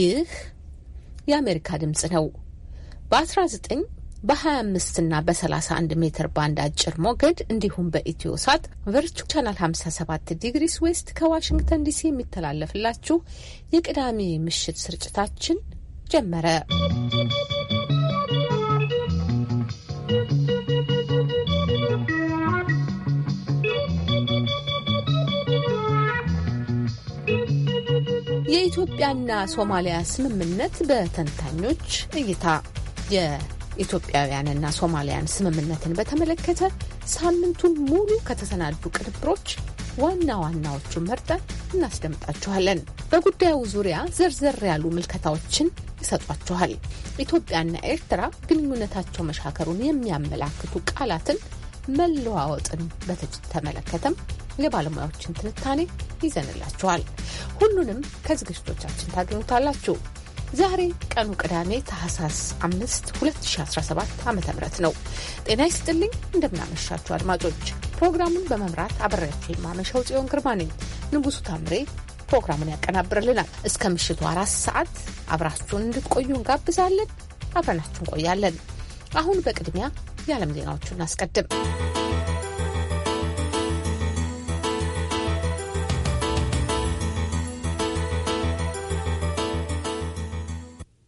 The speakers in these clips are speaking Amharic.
ይህ የአሜሪካ ድምፅ ነው። በ19 በ25 እና በ31 ሜትር ባንድ አጭር ሞገድ እንዲሁም በኢትዮ ሳት ቨርቹ ቻናል 57 ዲግሪስ ዌስት ከዋሽንግተን ዲሲ የሚተላለፍላችሁ የቅዳሜ ምሽት ስርጭታችን ጀመረ። የኢትዮጵያና ሶማሊያ ስምምነት በተንታኞች እይታ የኢትዮጵያውያንና ሶማሊያን ስምምነትን በተመለከተ ሳምንቱን ሙሉ ከተሰናዱ ቅንብሮች ዋና ዋናዎቹን መርጠን እናስደምጣችኋለን። በጉዳዩ ዙሪያ ዘርዘር ያሉ ምልከታዎችን ይሰጧችኋል። ኢትዮጵያና ኤርትራ ግንኙነታቸው መሻከሩን የሚያመላክቱ ቃላትን መለዋወጥን በተመለከተም የባለሙያዎችን ትንታኔ ይዘንላችኋል። ሁሉንም ከዝግጅቶቻችን ታገኙታላችሁ። ዛሬ ቀኑ ቅዳሜ ታህሳስ 5 2017 ዓ ም ነው። ጤና ይስጥልኝ፣ እንደምናመሻችሁ አድማጮች። ፕሮግራሙን በመምራት አብሬያችሁ የማመሻው ጽዮን ግርማ ነኝ። ንጉሱ ታምሬ ፕሮግራሙን ያቀናብርልናል። እስከ ምሽቱ አራት ሰዓት አብራችሁን እንድትቆዩ እንጋብዛለን። አብረናችሁ እንቆያለን። አሁን በቅድሚያ የዓለም ዜናዎቹን አስቀድም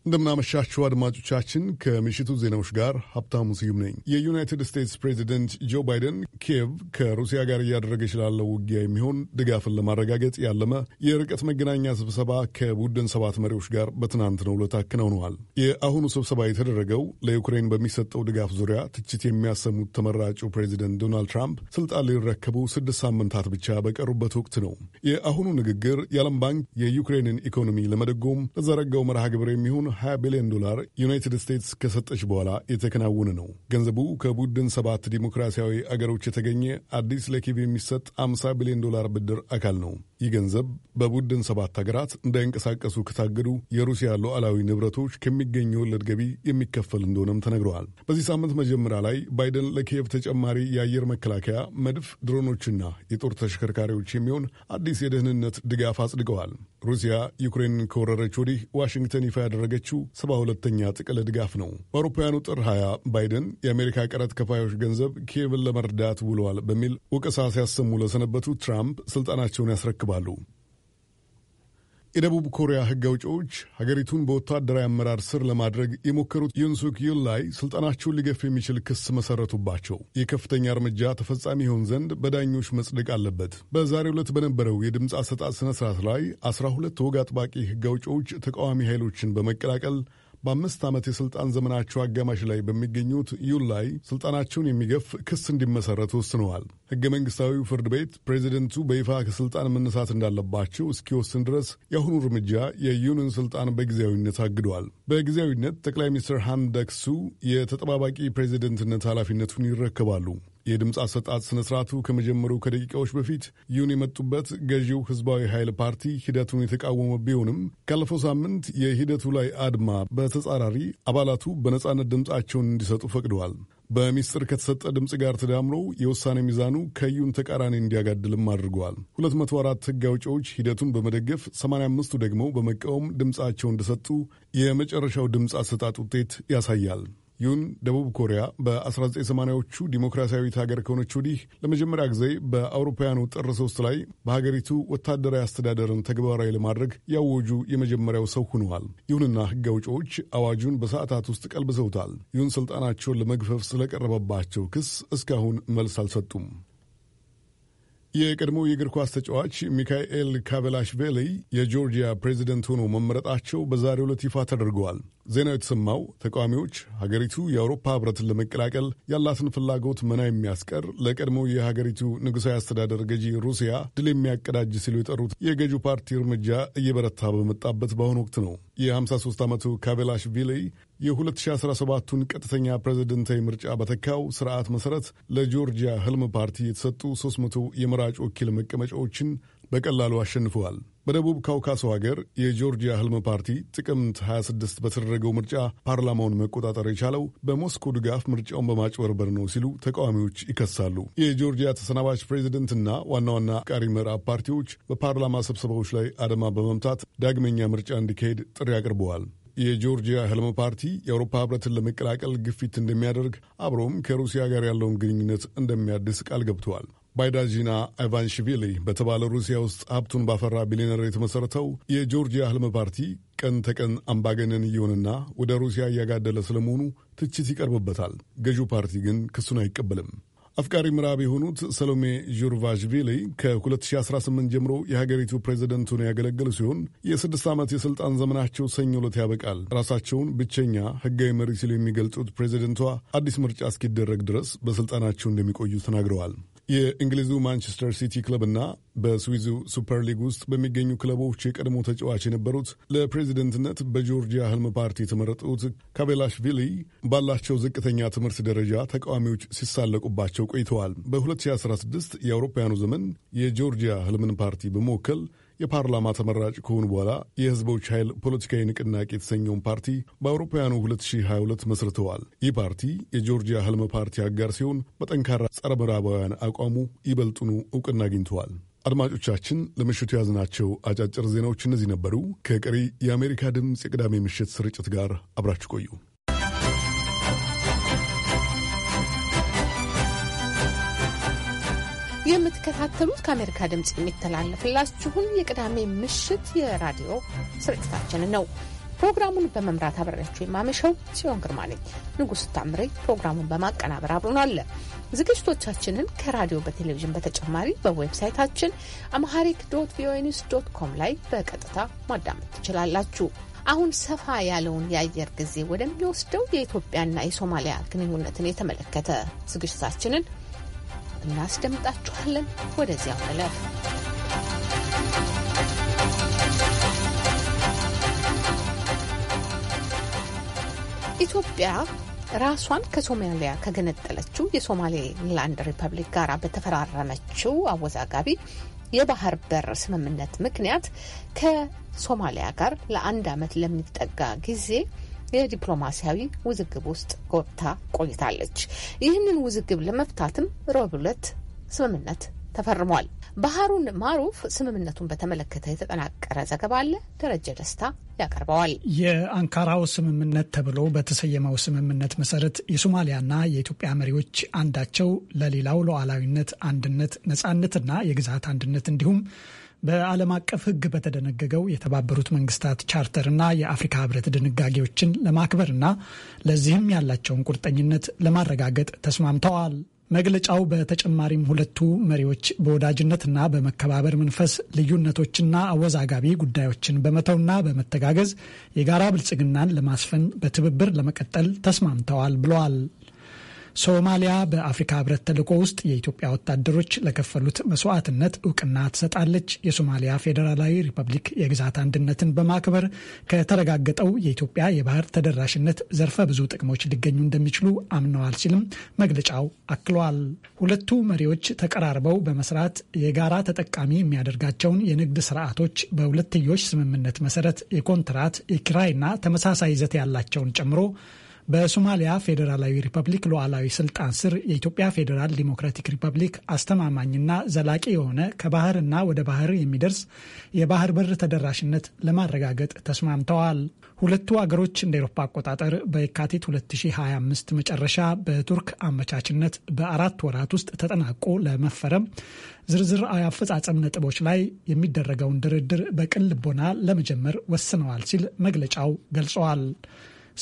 እንደምናመሻችሁ አድማጮቻችን፣ ከምሽቱ ዜናዎች ጋር ሀብታሙ ስዩም ነኝ። የዩናይትድ ስቴትስ ፕሬዚደንት ጆ ባይደን ኪየቭ ከሩሲያ ጋር እያደረገች ላለው ውጊያ የሚሆን ድጋፍን ለማረጋገጥ ያለመ የርቀት መገናኛ ስብሰባ ከቡድን ሰባት መሪዎች ጋር በትናንትናው ዕለት አከናውነዋል። የአሁኑ ስብሰባ የተደረገው ለዩክሬን በሚሰጠው ድጋፍ ዙሪያ ትችት የሚያሰሙት ተመራጩ ፕሬዚደንት ዶናልድ ትራምፕ ስልጣን ሊረከቡ ስድስት ሳምንታት ብቻ በቀሩበት ወቅት ነው። የአሁኑ ንግግር የዓለም ባንክ የዩክሬንን ኢኮኖሚ ለመደጎም ለዘረጋው መርሃ ግብር የሚሆን 20 ቢሊዮን ዶላር ዩናይትድ ስቴትስ ከሰጠች በኋላ የተከናወነ ነው። ገንዘቡ ከቡድን ሰባት ዲሞክራሲያዊ አገሮች የተገኘ አዲስ ለኪቭ የሚሰጥ 50 ቢሊዮን ዶላር ብድር አካል ነው። ይህ ገንዘብ በቡድን ሰባት ሀገራት እንዳይንቀሳቀሱ ከታገዱ የሩሲያ ሉዓላዊ ንብረቶች ከሚገኝ ወለድ ገቢ የሚከፈል እንደሆነም ተነግረዋል። በዚህ ሳምንት መጀመሪያ ላይ ባይደን ለኪየቭ ተጨማሪ የአየር መከላከያ መድፍ፣ ድሮኖችና የጦር ተሽከርካሪዎች የሚሆን አዲስ የደህንነት ድጋፍ አጽድቀዋል። ሩሲያ ዩክሬንን ከወረረች ወዲህ ዋሽንግተን ይፋ ያደረገችው ሰባ ሁለተኛ ጥቅል ድጋፍ ነው። በአውሮፓውያኑ ጥር 20 ባይደን የአሜሪካ ቀረጥ ከፋዮች ገንዘብ ኪየቭን ለመርዳት ውለዋል በሚል ወቀሳ ሲያሰሙ ለሰነበቱ ትራምፕ ስልጣናቸውን ያስረክባሉ። የደቡብ ኮሪያ ሕግ አውጪዎች ሀገሪቱን በወታደራዊ አመራር ስር ለማድረግ የሞከሩት ዩንሱክ ዩል ላይ ስልጣናቸውን ሊገፍ የሚችል ክስ መሰረቱባቸው። የከፍተኛ እርምጃ ተፈጻሚ ይሆን ዘንድ በዳኞች መጽደቅ አለበት። በዛሬው ዕለት በነበረው የድምፅ አሰጣጥ ስነ ስርዓት ላይ አስራ ሁለት ወግ አጥባቂ ሕግ አውጪዎች ተቃዋሚ ኃይሎችን በመቀላቀል በአምስት ዓመት የሥልጣን ዘመናቸው አጋማሽ ላይ በሚገኙት ዩል ላይ ሥልጣናቸውን የሚገፍ ክስ እንዲመሠረት ወስነዋል። ሕገ መንግሥታዊው ፍርድ ቤት ፕሬዚደንቱ በይፋ ከሥልጣን መነሳት እንዳለባቸው እስኪወስን ድረስ የአሁኑ እርምጃ የዩንን ሥልጣን በጊዜያዊነት አግዷል። በጊዜያዊነት ጠቅላይ ሚኒስትር ሃን የተጠባባቂ ፕሬዚደንትነት ኃላፊነቱን ይረከባሉ። የድምፅ አሰጣጥ ስነ ስርዓቱ ከመጀመሩ ከደቂቃዎች በፊት ይሁን የመጡበት ገዢው ህዝባዊ ኃይል ፓርቲ ሂደቱን የተቃወመ ቢሆንም ካለፈው ሳምንት የሂደቱ ላይ አድማ በተጻራሪ አባላቱ በነጻነት ድምፃቸውን እንዲሰጡ ፈቅደዋል። በሚስጥር ከተሰጠ ድምፅ ጋር ተዳምሮ የውሳኔ ሚዛኑ ከዩን ተቃራኒ እንዲያጋድልም አድርገዋል። 204 ህግ አውጪዎች ሂደቱን በመደገፍ 85ቱ ደግሞ በመቃወም ድምፃቸውን እንደሰጡ የመጨረሻው ድምፅ አሰጣጥ ውጤት ያሳያል። ይሁን ደቡብ ኮሪያ በ1980ዎቹ ዲሞክራሲያዊት ሀገር ከሆነች ወዲህ ለመጀመሪያ ጊዜ በአውሮፓውያኑ ጥር ሶስት ላይ በሀገሪቱ ወታደራዊ አስተዳደርን ተግባራዊ ለማድረግ ያወጁ የመጀመሪያው ሰው ሆነዋል። ይሁንና ሕግ አውጪዎች አዋጁን በሰዓታት ውስጥ ቀልብሰውታል። ይሁን ስልጣናቸውን ለመግፈፍ ስለቀረበባቸው ክስ እስካሁን መልስ አልሰጡም። የቀድሞ የእግር ኳስ ተጫዋች ሚካኤል ካቬላሽቬሊ የጆርጂያ ፕሬዚደንት ሆኖ መመረጣቸው በዛሬው ዕለት ይፋ ተደርገዋል። ዜናው የተሰማው ተቃዋሚዎች ሀገሪቱ የአውሮፓ ህብረትን ለመቀላቀል ያላትን ፍላጎት መና የሚያስቀር ለቀድሞ የሀገሪቱ ንጉሣዊ አስተዳደር ገዢ ሩሲያ ድል የሚያቀዳጅ ሲሉ የጠሩት የገዢው ፓርቲ እርምጃ እየበረታ በመጣበት በአሁኑ ወቅት ነው። የ53 ዓመቱ ካቬላሽቪሊ የ2017ቱን ቀጥተኛ ፕሬዝደንታዊ ምርጫ በተካው ስርዓት መሠረት ለጆርጂያ ህልም ፓርቲ የተሰጡ 300 የመራጭ ወኪል መቀመጫዎችን በቀላሉ አሸንፈዋል። በደቡብ ካውካሶ ሀገር የጆርጂያ ህልም ፓርቲ ጥቅምት 26 በተደረገው ምርጫ ፓርላማውን መቆጣጠር የቻለው በሞስኮ ድጋፍ ምርጫውን በማጭበርበር ነው ሲሉ ተቃዋሚዎች ይከሳሉ። የጆርጂያ ተሰናባች ፕሬዚደንትና ዋና ዋና አፍቃሪ ምዕራብ ፓርቲዎች በፓርላማ ስብሰባዎች ላይ አደማ በመምታት ዳግመኛ ምርጫ እንዲካሄድ ጥሪ አቅርበዋል። የጆርጂያ ህልም ፓርቲ የአውሮፓ ህብረትን ለመቀላቀል ግፊት እንደሚያደርግ አብሮም ከሩሲያ ጋር ያለውን ግንኙነት እንደሚያድስ ቃል ገብተዋል። ባይዳዚና አይቫንሽቪሊ በተባለ ሩሲያ ውስጥ ሀብቱን ባፈራ ቢሊነር የተመሠረተው የጆርጂያ ህልም ፓርቲ ቀን ተቀን አምባገነን እየሆነና ወደ ሩሲያ እያጋደለ ስለመሆኑ ትችት ይቀርብበታል። ገዢው ፓርቲ ግን ክሱን አይቀበልም። አፍቃሪ ምዕራብ የሆኑት ሰሎሜ ዡርቫሽቪሊ ከ2018 ጀምሮ የሀገሪቱ ፕሬዚደንት ሆነው ያገለገሉ ሲሆን የስድስት ዓመት የሥልጣን ዘመናቸው ሰኞ ዕለት ያበቃል። ራሳቸውን ብቸኛ ሕጋዊ መሪ ሲሉ የሚገልጹት ፕሬዚደንቷ አዲስ ምርጫ እስኪደረግ ድረስ በሥልጣናቸው እንደሚቆዩ ተናግረዋል። የእንግሊዙ ማንቸስተር ሲቲ ክለብና በስዊዙ ሱፐር ሊግ ውስጥ በሚገኙ ክለቦች የቀድሞ ተጫዋች የነበሩት ለፕሬዚደንትነት በጆርጂያ ህልም ፓርቲ የተመረጡት ካቤላሽቪሊ ባላቸው ዝቅተኛ ትምህርት ደረጃ ተቃዋሚዎች ሲሳለቁባቸው ቆይተዋል። በ2016 የአውሮፓውያኑ ዘመን የጆርጂያ ህልምን ፓርቲ በመወከል የፓርላማ ተመራጭ ከሆኑ በኋላ የህዝቦች ኃይል ፖለቲካዊ ንቅናቄ የተሰኘውን ፓርቲ በአውሮፓውያኑ 2022 መስርተዋል። ይህ ፓርቲ የጆርጂያ ህልም ፓርቲ አጋር ሲሆን በጠንካራ ጸረ ምዕራባውያን አቋሙ ይበልጡኑ እውቅና አግኝተዋል። አድማጮቻችን፣ ለምሽቱ የያዝናቸው አጫጭር ዜናዎች እነዚህ ነበሩ። ከቀሪ የአሜሪካ ድምፅ የቅዳሜ ምሽት ስርጭት ጋር አብራችሁ ቆዩ። የምትከታተሉት ከአሜሪካ ድምፅ የሚተላለፍላችሁን የቅዳሜ ምሽት የራዲዮ ስርጭታችንን ነው። ፕሮግራሙን በመምራት አብሬያችሁ የማመሸው ጽዮን ግርማ ነኝ። ንጉሥ ታምሬ ፕሮግራሙን በማቀናበር አብሮናል። ዝግጅቶቻችንን ከራዲዮ በቴሌቪዥን በተጨማሪ በዌብሳይታችን አምሃሪክ ዶት ቪኦኤ ኒውስ ዶት ኮም ላይ በቀጥታ ማዳመጥ ትችላላችሁ። አሁን ሰፋ ያለውን የአየር ጊዜ ወደሚወስደው የኢትዮጵያና የሶማሊያ ግንኙነትን የተመለከተ ዝግጅታችንን እናስደምጣችኋለን። ወደዚያው እለፍ። ኢትዮጵያ ራሷን ከሶማሊያ ከገነጠለችው የሶማሌላንድ ሪፐብሊክ ጋር በተፈራረመችው አወዛጋቢ የባህር በር ስምምነት ምክንያት ከሶማሊያ ጋር ለአንድ ዓመት ለሚጠጋ ጊዜ የዲፕሎማሲያዊ ውዝግብ ውስጥ ገብታ ቆይታለች። ይህንን ውዝግብ ለመፍታትም ረቡዕ ዕለት ስምምነት ተፈርሟል። ባህሩን ማሩፍ ስምምነቱን በተመለከተ የተጠናቀረ ዘገባ አለ። ደረጀ ደስታ ያቀርበዋል። የአንካራው ስምምነት ተብሎ በተሰየመው ስምምነት መሰረት የሶማሊያና የኢትዮጵያ መሪዎች አንዳቸው ለሌላው ሉዓላዊነት፣ አንድነት፣ ነጻነትና የግዛት አንድነት እንዲሁም በዓለም አቀፍ ሕግ በተደነገገው የተባበሩት መንግስታት ቻርተርና የአፍሪካ ህብረት ድንጋጌዎችን ለማክበርና ለዚህም ያላቸውን ቁርጠኝነት ለማረጋገጥ ተስማምተዋል። መግለጫው በተጨማሪም ሁለቱ መሪዎች በወዳጅነትና በመከባበር መንፈስ ልዩነቶችና አወዛጋቢ ጉዳዮችን በመተውና በመተጋገዝ የጋራ ብልጽግናን ለማስፈን በትብብር ለመቀጠል ተስማምተዋል ብለዋል። ሶማሊያ በአፍሪካ ህብረት ተልዕኮ ውስጥ የኢትዮጵያ ወታደሮች ለከፈሉት መስዋዕትነት እውቅና ትሰጣለች። የሶማሊያ ፌዴራላዊ ሪፐብሊክ የግዛት አንድነትን በማክበር ከተረጋገጠው የኢትዮጵያ የባህር ተደራሽነት ዘርፈ ብዙ ጥቅሞች ሊገኙ እንደሚችሉ አምነዋል ሲልም መግለጫው አክሏል። ሁለቱ መሪዎች ተቀራርበው በመስራት የጋራ ተጠቃሚ የሚያደርጋቸውን የንግድ ስርዓቶች በሁለትዮሽ ስምምነት መሰረት የኮንትራት የኪራይና ተመሳሳይ ይዘት ያላቸውን ጨምሮ በሶማሊያ ፌዴራላዊ ሪፐብሊክ ሉዓላዊ ስልጣን ስር የኢትዮጵያ ፌዴራል ዲሞክራቲክ ሪፐብሊክ አስተማማኝና ዘላቂ የሆነ ከባህርና ወደ ባህር የሚደርስ የባህር በር ተደራሽነት ለማረጋገጥ ተስማምተዋል። ሁለቱ አገሮች እንደ ኤሮፓ አቆጣጠር በየካቲት 2025 መጨረሻ በቱርክ አመቻችነት በአራት ወራት ውስጥ ተጠናቆ ለመፈረም ዝርዝር አፈጻጸም ነጥቦች ላይ የሚደረገውን ድርድር በቅን ልቦና ለመጀመር ወስነዋል ሲል መግለጫው ገልጸዋል።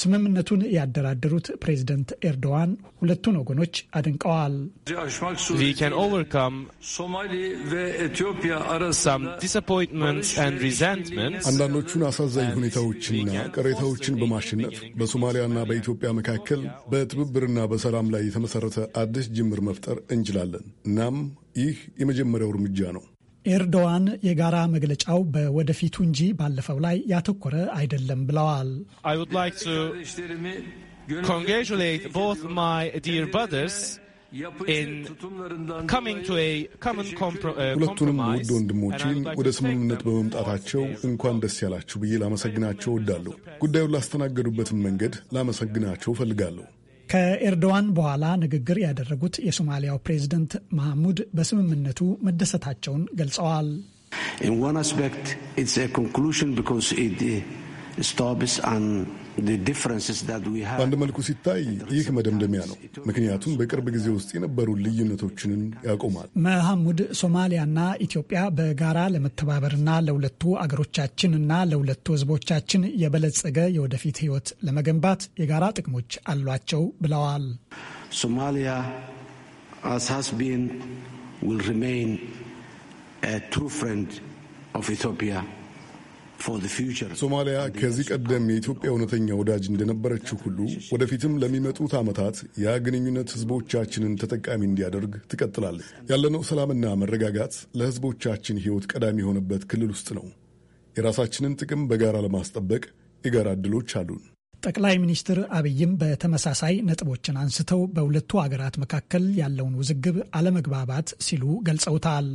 ስምምነቱን ያደራደሩት ፕሬዝደንት ኤርዶዋን ሁለቱን ወገኖች አድንቀዋል። አንዳንዶቹን አሳዛኝ ሁኔታዎችና ቅሬታዎችን በማሸነፍ በሶማሊያና በኢትዮጵያ መካከል በትብብርና በሰላም ላይ የተመሰረተ አዲስ ጅምር መፍጠር እንችላለን። እናም ይህ የመጀመሪያው እርምጃ ነው። ኤርዶዋን የጋራ መግለጫው በወደፊቱ እንጂ ባለፈው ላይ ያተኮረ አይደለም ብለዋል። uh, ሁለቱንም ውድ ወንድሞችን ወደ ስምምነት በመምጣታቸው እንኳን ደስ ያላችሁ ብዬ ላመሰግናቸው እወዳለሁ። ጉዳዩን ላስተናገዱበትን መንገድ ላመሰግናቸው እፈልጋለሁ። ከኤርዶዋን በኋላ ንግግር ያደረጉት የሶማሊያው ፕሬዝደንት መሐሙድ በስምምነቱ መደሰታቸውን ገልጸዋል። ኢን ዋን አስፔክት ኢትስ ኤ ኮንክሉዥን ኢት ስቶፕስ አን በአንድ መልኩ ሲታይ ይህ መደምደሚያ ነው፣ ምክንያቱም በቅርብ ጊዜ ውስጥ የነበሩ ልዩነቶችንን ያቆማል። መሐሙድ ሶማሊያና ኢትዮጵያ በጋራ ለመተባበርና ለሁለቱ አገሮቻችንና ለሁለቱ ሕዝቦቻችን የበለጸገ የወደፊት ሕይወት ለመገንባት የጋራ ጥቅሞች አሏቸው ብለዋል። ሶማሊያ as has been will remain ሶማሊያ ከዚህ ቀደም የኢትዮጵያ እውነተኛ ወዳጅ እንደነበረችው ሁሉ ወደፊትም ለሚመጡት ዓመታት ያ ግንኙነት ህዝቦቻችንን ተጠቃሚ እንዲያደርግ ትቀጥላለች። ያለነው ሰላምና መረጋጋት ለህዝቦቻችን ህይወት ቀዳሚ የሆነበት ክልል ውስጥ ነው። የራሳችንን ጥቅም በጋራ ለማስጠበቅ የጋራ ዕድሎች አሉን። ጠቅላይ ሚኒስትር አብይም በተመሳሳይ ነጥቦችን አንስተው በሁለቱ አገራት መካከል ያለውን ውዝግብ አለመግባባት ሲሉ ገልጸውታል።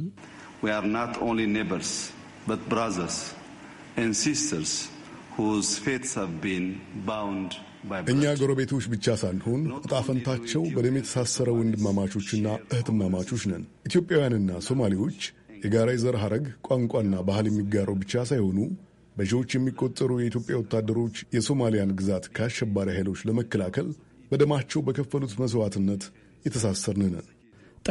እኛ ጎረቤቶች ብቻ ሳንሆን እጣፈንታቸው በደም የተሳሰረ ወንድማማቾችና እህትማማቾች ነን። ኢትዮጵያውያንና ሶማሌዎች የጋራ የዘር ሐረግ ቋንቋና ባህል የሚጋሩ ብቻ ሳይሆኑ በሺዎች የሚቆጠሩ የኢትዮጵያ ወታደሮች የሶማሊያን ግዛት ከአሸባሪ ኃይሎች ለመከላከል በደማቸው በከፈሉት መስዋዕትነት የተሳሰርንን ነን።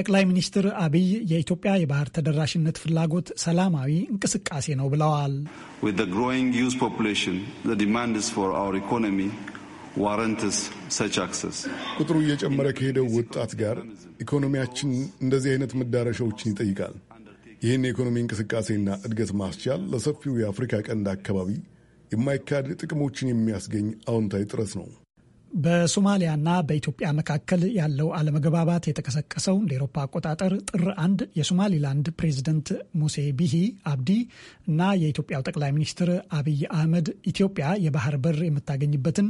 ጠቅላይ ሚኒስትር አብይ የኢትዮጵያ የባህር ተደራሽነት ፍላጎት ሰላማዊ እንቅስቃሴ ነው ብለዋል። ቁጥሩ እየጨመረ ከሄደው ወጣት ጋር ኢኮኖሚያችን እንደዚህ አይነት መዳረሻዎችን ይጠይቃል። ይህን የኢኮኖሚ እንቅስቃሴና እድገት ማስቻል ለሰፊው የአፍሪካ ቀንድ አካባቢ የማይካድ ጥቅሞችን የሚያስገኝ አዎንታዊ ጥረት ነው። በሶማሊያና በኢትዮጵያ መካከል ያለው አለመግባባት የተቀሰቀሰው እንደ ኤሮፓ አቆጣጠር ጥር አንድ የሶማሊላንድ ፕሬዚደንት ሙሴ ቢሂ አብዲ እና የኢትዮጵያው ጠቅላይ ሚኒስትር አብይ አህመድ ኢትዮጵያ የባህር በር የምታገኝበትን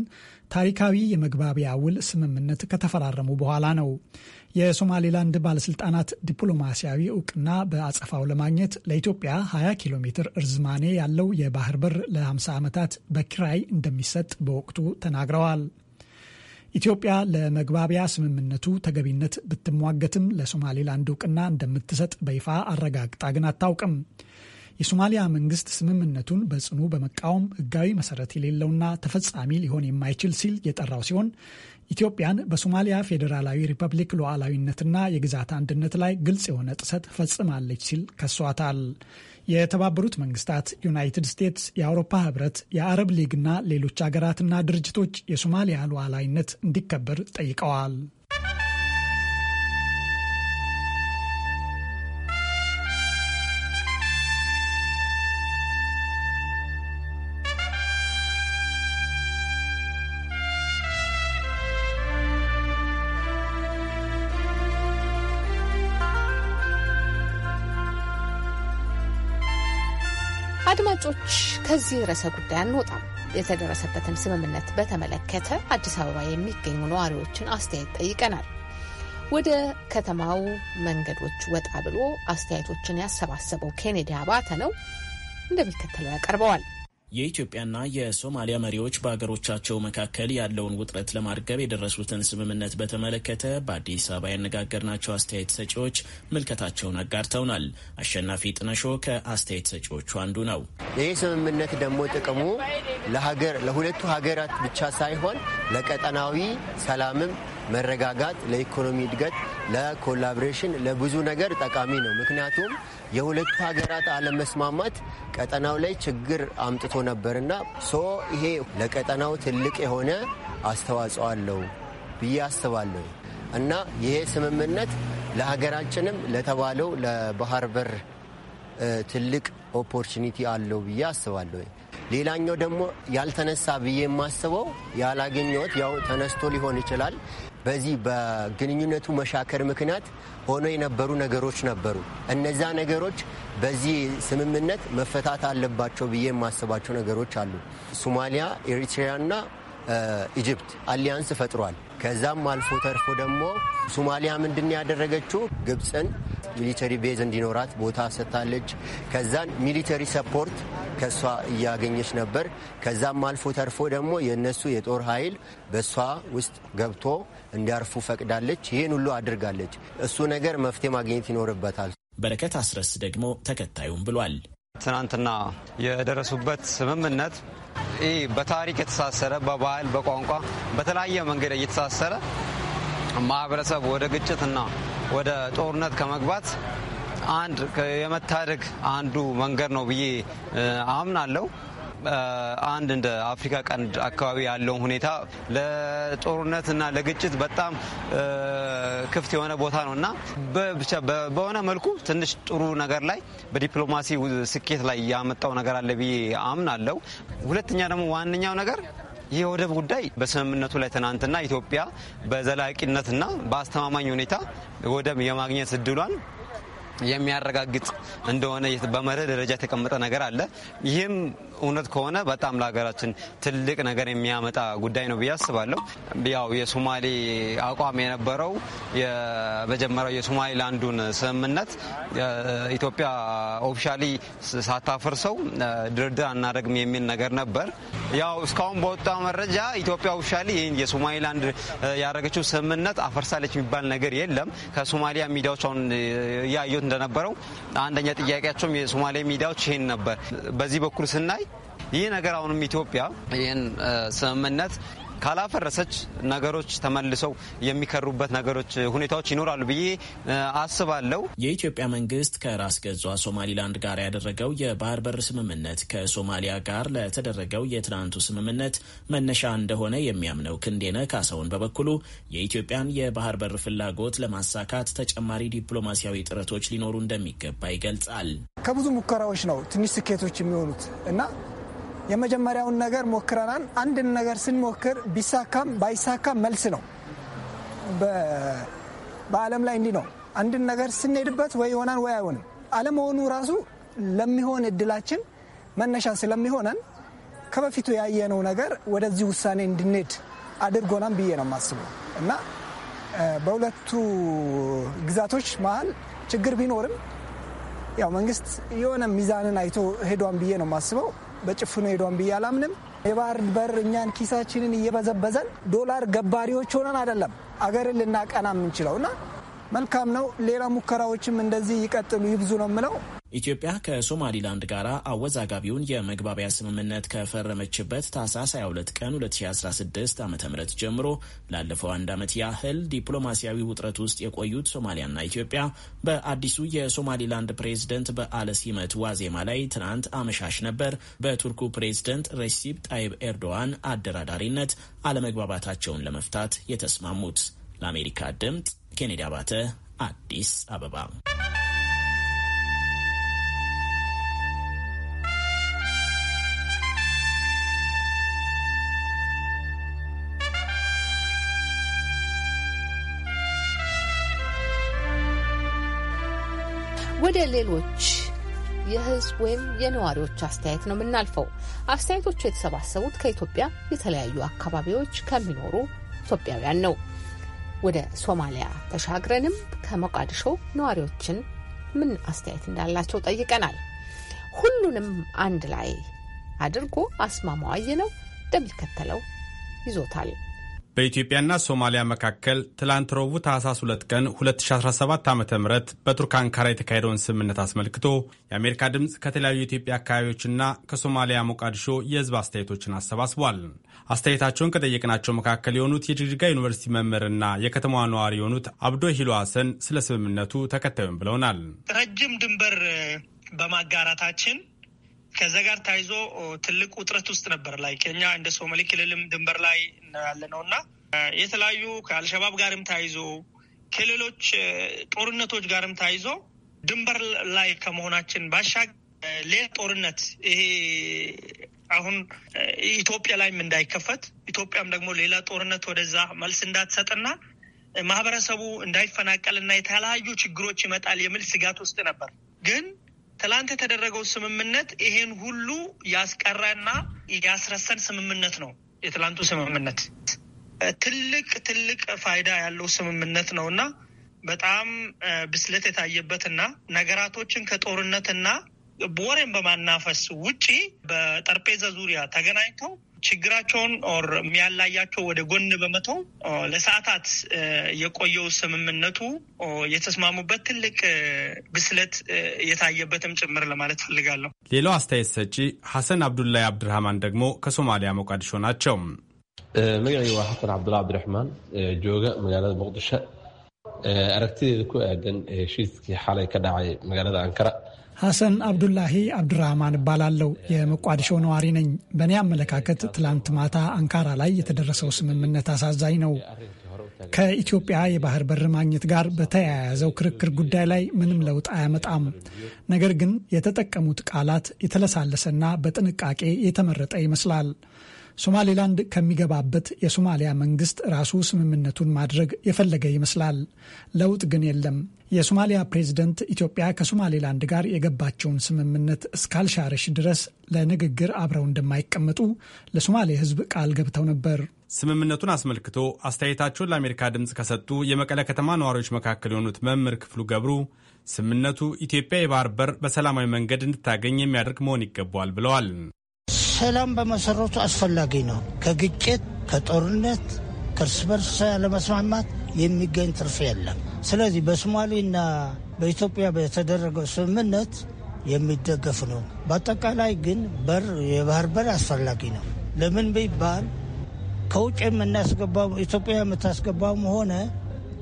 ታሪካዊ የመግባቢያ ውል ስምምነት ከተፈራረሙ በኋላ ነው። የሶማሌላንድ ባለስልጣናት ዲፕሎማሲያዊ እውቅና በአጸፋው ለማግኘት ለኢትዮጵያ 20 ኪሎ ሜትር እርዝማኔ ያለው የባህር በር ለ50 ዓመታት በኪራይ እንደሚሰጥ በወቅቱ ተናግረዋል። ኢትዮጵያ ለመግባቢያ ስምምነቱ ተገቢነት ብትሟገትም ለሶማሌላንድ እውቅና እንደምትሰጥ በይፋ አረጋግጣ ግን አታውቅም። የሶማሊያ መንግስት ስምምነቱን በጽኑ በመቃወም ህጋዊ መሰረት የሌለውና ተፈጻሚ ሊሆን የማይችል ሲል የጠራው ሲሆን ኢትዮጵያን በሶማሊያ ፌዴራላዊ ሪፐብሊክ ሉዓላዊነትና የግዛት አንድነት ላይ ግልጽ የሆነ ጥሰት ፈጽማለች ሲል ከሷታል። የተባበሩት መንግስታት፣ ዩናይትድ ስቴትስ፣ የአውሮፓ ህብረት፣ የአረብ ሊግና ሌሎች ሀገራትና ድርጅቶች የሶማሊያ ሉዓላዊነት እንዲከበር ጠይቀዋል። አድማጮች ከዚህ ርዕሰ ጉዳይ አንወጣም። የተደረሰበትን ስምምነት በተመለከተ አዲስ አበባ የሚገኙ ነዋሪዎችን አስተያየት ጠይቀናል። ወደ ከተማው መንገዶች ወጣ ብሎ አስተያየቶችን ያሰባሰበው ኬኔዲ አባተ ነው፣ እንደሚከተለው ያቀርበዋል። የኢትዮጵያና የሶማሊያ መሪዎች በሀገሮቻቸው መካከል ያለውን ውጥረት ለማርገብ የደረሱትን ስምምነት በተመለከተ በአዲስ አበባ ያነጋገርናቸው አስተያየት ሰጪዎች ምልከታቸውን አጋርተውናል። አሸናፊ ጥነሾ ከአስተያየት ሰጪዎቹ አንዱ ነው። ይህ ስምምነት ደግሞ ጥቅሙ ለሁለቱ ሀገራት ብቻ ሳይሆን ለቀጠናዊ ሰላምም መረጋጋት፣ ለኢኮኖሚ እድገት፣ ለኮላቦሬሽን፣ ለብዙ ነገር ጠቃሚ ነው። ምክንያቱም የሁለቱ ሀገራት አለመስማማት ቀጠናው ላይ ችግር አምጥቶ ነበርና ሶ ይሄ ለቀጠናው ትልቅ የሆነ አስተዋጽኦ አለው ብዬ አስባለሁ እና ይሄ ስምምነት ለሀገራችንም ለተባለው ለባህር በር ትልቅ ኦፖርቹኒቲ አለው ብዬ አስባለሁ። ሌላኛው ደግሞ ያልተነሳ ብዬ የማስበው ያላገኘሁት ያው ተነስቶ ሊሆን ይችላል በዚህ በግንኙነቱ መሻከር ምክንያት ሆኖ የነበሩ ነገሮች ነበሩ። እነዛ ነገሮች በዚህ ስምምነት መፈታት አለባቸው ብዬ የማስባቸው ነገሮች አሉ። ሶማሊያ፣ ኤሪትሪያና ኢጅፕት አሊያንስ ፈጥሯል። ከዛም አልፎ ተርፎ ደግሞ ሶማሊያ ምንድን ያደረገችው ግብፅን ሚሊተሪ ቤዝ እንዲኖራት ቦታ ሰጥታለች። ከዛን ሚሊተሪ ሰፖርት ከእሷ እያገኘች ነበር። ከዛም አልፎ ተርፎ ደግሞ የእነሱ የጦር ኃይል በእሷ ውስጥ ገብቶ እንዲያርፉ ፈቅዳለች። ይህን ሁሉ አድርጋለች። እሱ ነገር መፍትሄ ማግኘት ይኖርበታል። በረከት አስረስ ደግሞ ተከታዩም ብሏል። ትናንትና የደረሱበት ስምምነት ይህ በታሪክ የተሳሰረ በባህል፣ በቋንቋ፣ በተለያየ መንገድ እየተሳሰረ ማህበረሰብ ወደ ግጭትና ወደ ጦርነት ከመግባት አንድ የመታደግ አንዱ መንገድ ነው ብዬ አምናለሁ። አንድ እንደ አፍሪካ ቀንድ አካባቢ ያለውን ሁኔታ እና ለግጭት በጣም ክፍት የሆነ ቦታ ነው እና ብቻ በሆነ መልኩ ትንሽ ጥሩ ነገር ላይ በዲፕሎማሲ ስኬት ላይ ያመጣው ነገር አለ ብዬ አምናለሁ። ሁለተኛ ደግሞ ዋነኛው ነገር ይህ የወደብ ጉዳይ በስምምነቱ ላይ ትናንትና ኢትዮጵያ በዘላቂነትና በአስተማማኝ ሁኔታ ወደብ የማግኘት እድሏን የሚያረጋግጥ እንደሆነ በመርህ ደረጃ የተቀመጠ ነገር አለ። ይህም እውነት ከሆነ በጣም ለሀገራችን ትልቅ ነገር የሚያመጣ ጉዳይ ነው ብዬ አስባለሁ። ያው የሶማሌ አቋም የነበረው የመጀመሪያው የሶማሌላንዱን ስምምነት ኢትዮጵያ ኦፊሻሊ ሳታፈርሰው ድርድር አናደርግም የሚል ነገር ነበር። ያው እስካሁን በወጣ መረጃ ኢትዮጵያ ኦፊሻሊ ይህን የሶማሌላንድ ያደረገችው ስምምነት አፈርሳለች የሚባል ነገር የለም። ከሶማሊያ ሚዲያዎች አሁን እያየት እንደነበረው አንደኛ ጥያቄያቸውም የሶማሌ ሚዲያዎች ይህን ነበር። በዚህ በኩል ስናይ ይህ ነገር አሁንም ኢትዮጵያ ይህን ስምምነት ካላፈረሰች ነገሮች ተመልሰው የሚከሩበት ነገሮች ሁኔታዎች ይኖራሉ ብዬ አስባለሁ። የኢትዮጵያ መንግስት ከራስ ገዟ ሶማሊላንድ ጋር ያደረገው የባህር በር ስምምነት ከሶማሊያ ጋር ለተደረገው የትናንቱ ስምምነት መነሻ እንደሆነ የሚያምነው ክንዴነ ካሳሁን በበኩሉ የኢትዮጵያን የባህር በር ፍላጎት ለማሳካት ተጨማሪ ዲፕሎማሲያዊ ጥረቶች ሊኖሩ እንደሚገባ ይገልጻል። ከብዙ ሙከራዎች ነው ትንሽ ስኬቶች የሚሆኑት እና የመጀመሪያውን ነገር ሞክረናል። አንድን ነገር ስንሞክር ቢሳካም ባይሳካም መልስ ነው። በዓለም ላይ እንዲህ ነው። አንድን ነገር ስንሄድበት ወይ ይሆናል ወይ አይሆንም። አለመሆኑ ራሱ ለሚሆን እድላችን መነሻ ስለሚሆነን ከበፊቱ ያየነው ነገር ወደዚህ ውሳኔ እንድንሄድ አድርጎናም ብዬ ነው የማስበው እና በሁለቱ ግዛቶች መሀል ችግር ቢኖርም ያው መንግስት የሆነ ሚዛንን አይቶ ሄዷን ብዬ ነው የማስበው። በጭፍኑ ሄዷን ብዬ አላምንም። የባህር በር እኛን ኪሳችንን እየበዘበዘን ዶላር ገባሪዎች ሆነን አይደለም አገርን ልናቀና የምንችለው እና መልካም ነው። ሌላ ሙከራዎችም እንደዚህ ይቀጥሉ ይብዙ ነው የምለው። ኢትዮጵያ ከሶማሊላንድ ጋር አወዛጋቢውን የመግባቢያ ስምምነት ከፈረመችበት ታህሳስ 22 ቀን 2016 ዓ ም ጀምሮ ላለፈው አንድ ዓመት ያህል ዲፕሎማሲያዊ ውጥረት ውስጥ የቆዩት ሶማሊያና ኢትዮጵያ በአዲሱ የሶማሊላንድ ፕሬዝደንት በዓለ ሲመት ዋዜማ ላይ ትናንት አመሻሽ ነበር በቱርኩ ፕሬዝደንት ሬሲፕ ጣይብ ኤርዶዋን አደራዳሪነት አለመግባባታቸውን ለመፍታት የተስማሙት። ለአሜሪካ ድምፅ ኬኔዲ አባተ አዲስ አበባ ወደ ሌሎች የህዝብ ወይም የነዋሪዎች አስተያየት ነው የምናልፈው። አስተያየቶቹ የተሰባሰቡት ከኢትዮጵያ የተለያዩ አካባቢዎች ከሚኖሩ ኢትዮጵያውያን ነው። ወደ ሶማሊያ ተሻግረንም ከሞቃዲሾ ነዋሪዎችን ምን አስተያየት እንዳላቸው ጠይቀናል። ሁሉንም አንድ ላይ አድርጎ አስማማው አየነው እንደሚከተለው ይዞታል። በኢትዮጵያና ሶማሊያ መካከል ትላንት ረቡዕ ታህሳስ 2 ቀን 2017 ዓ ም በቱርክ አንካራ የተካሄደውን ስምምነት አስመልክቶ የአሜሪካ ድምፅ ከተለያዩ የኢትዮጵያ አካባቢዎችና ከሶማሊያ ሞቃዲሾ የህዝብ አስተያየቶችን አሰባስቧል። አስተያየታቸውን ከጠየቅናቸው መካከል የሆኑት የጅግጅጋ ዩኒቨርሲቲ መምህርና የከተማዋ ነዋሪ የሆኑት አብዶ ሂሎ ሀሰን ስለ ስምምነቱ ተከታዩን ብለውናል። ረጅም ድንበር በማጋራታችን ከዛ ጋር ታይዞ ትልቅ ውጥረት ውስጥ ነበር ላይ ከኛ እንደ ሶማሌ ክልልም ድንበር ላይ ያለ ነው እና የተለያዩ ከአልሸባብ ጋርም ታይዞ ከሌሎች ጦርነቶች ጋርም ታይዞ ድንበር ላይ ከመሆናችን ባሻገር ሌላ ጦርነት ይሄ አሁን ኢትዮጵያ ላይም እንዳይከፈት ኢትዮጵያም ደግሞ ሌላ ጦርነት ወደዛ መልስ እንዳትሰጥና ማህበረሰቡ እንዳይፈናቀልና የተለያዩ ችግሮች ይመጣል የሚል ስጋት ውስጥ ነበር ግን ትላንት የተደረገው ስምምነት ይሄን ሁሉ ያስቀረና ያስረሰን ስምምነት ነው። የትላንቱ ስምምነት ትልቅ ትልቅ ፋይዳ ያለው ስምምነት ነው እና በጣም ብስለት የታየበትና ነገራቶችን ከጦርነትና ቦሬን በማናፈስ ውጪ በጠረጴዛ ዙሪያ ተገናኝተው ችግራቸውን ኦር የሚያላያቸው ወደ ጎን በመተው ለሰዓታት የቆየው ስምምነቱ የተስማሙበት ትልቅ ብስለት የታየበትም ጭምር ለማለት ፈልጋለሁ። ሌላው አስተያየት ሰጪ ሐሰን አብዱላይ አብድርሃማን ደግሞ ከሶማሊያ ሞቃዲሾ ናቸው። መግለይ ዋ ሐሰን አብዱላ አብድርሕማን ጆገ መጋለዳ ሙቅዲሾ አረክቲ ኩ aadan heshiiskii xalay ka dhacay magaalada ሐሰን አብዱላሂ አብዱራህማን እባላለሁ። የመቋዲሾ ነዋሪ ነኝ። በእኔ አመለካከት ትላንት ማታ አንካራ ላይ የተደረሰው ስምምነት አሳዛኝ ነው። ከኢትዮጵያ የባህር በር ማግኘት ጋር በተያያዘው ክርክር ጉዳይ ላይ ምንም ለውጥ አያመጣም። ነገር ግን የተጠቀሙት ቃላት የተለሳለሰና በጥንቃቄ የተመረጠ ይመስላል። ሶማሌላንድ ከሚገባበት የሶማሊያ መንግስት ራሱ ስምምነቱን ማድረግ የፈለገ ይመስላል። ለውጥ ግን የለም። የሶማሊያ ፕሬዝደንት ኢትዮጵያ ከሶማሌላንድ ጋር የገባቸውን ስምምነት እስካልሻረሽ ድረስ ለንግግር አብረው እንደማይቀመጡ ለሶማሌ ሕዝብ ቃል ገብተው ነበር። ስምምነቱን አስመልክቶ አስተያየታቸውን ለአሜሪካ ድምፅ ከሰጡ የመቀለ ከተማ ነዋሪዎች መካከል የሆኑት መምህር ክፍሉ ገብሩ ስምምነቱ ኢትዮጵያ የባህር በር በሰላማዊ መንገድ እንድታገኝ የሚያደርግ መሆን ይገባዋል ብለዋል። ሰላም በመሰረቱ አስፈላጊ ነው። ከግጭት፣ ከጦርነት፣ ከእርስ በርስ ለመስማማት የሚገኝ ትርፍ የለም። ስለዚህ በሶማሌና በኢትዮጵያ በተደረገው ስምምነት የሚደገፍ ነው። በአጠቃላይ ግን በር የባህር በር አስፈላጊ ነው። ለምን ቢባል ከውጭ የምናስገባው ኢትዮጵያ የምታስገባውም ሆነ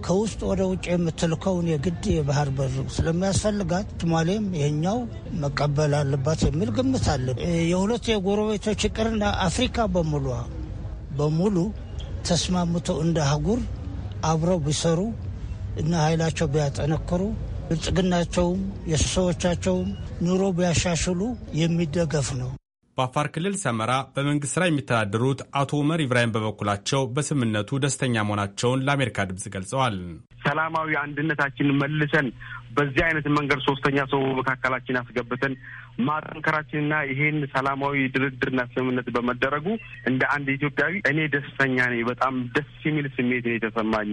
ከውስጥ ወደ ውጭ የምትልከውን የግድ የባህር በር ስለሚያስፈልጋት ሶማሌም ይህኛው መቀበል አለባት የሚል ግምት አለ። የሁለት የጎረቤቶች ይቅርና አፍሪካ በሙሉ በሙሉ ተስማምቶ እንደ አህጉር አብረው ቢሰሩ እና ኃይላቸው ቢያጠነክሩ ብልጽግናቸውም የሰዎቻቸውም ኑሮ ቢያሻሽሉ የሚደገፍ ነው። በአፋር ክልል ሰመራ በመንግሥት ሥራ የሚተዳደሩት አቶ ኡመር ኢብራሂም በበኩላቸው በስምምነቱ ደስተኛ መሆናቸውን ለአሜሪካ ድምፅ ገልጸዋል። ሰላማዊ አንድነታችንን መልሰን በዚህ አይነት መንገድ ሶስተኛ ሰው መካከላችን አስገብተን ማጠንከራችንና ይሄን ሰላማዊ ድርድርና ስምምነት በመደረጉ እንደ አንድ ኢትዮጵያዊ እኔ ደስተኛ ነኝ። በጣም ደስ የሚል ስሜት ነው የተሰማኝ።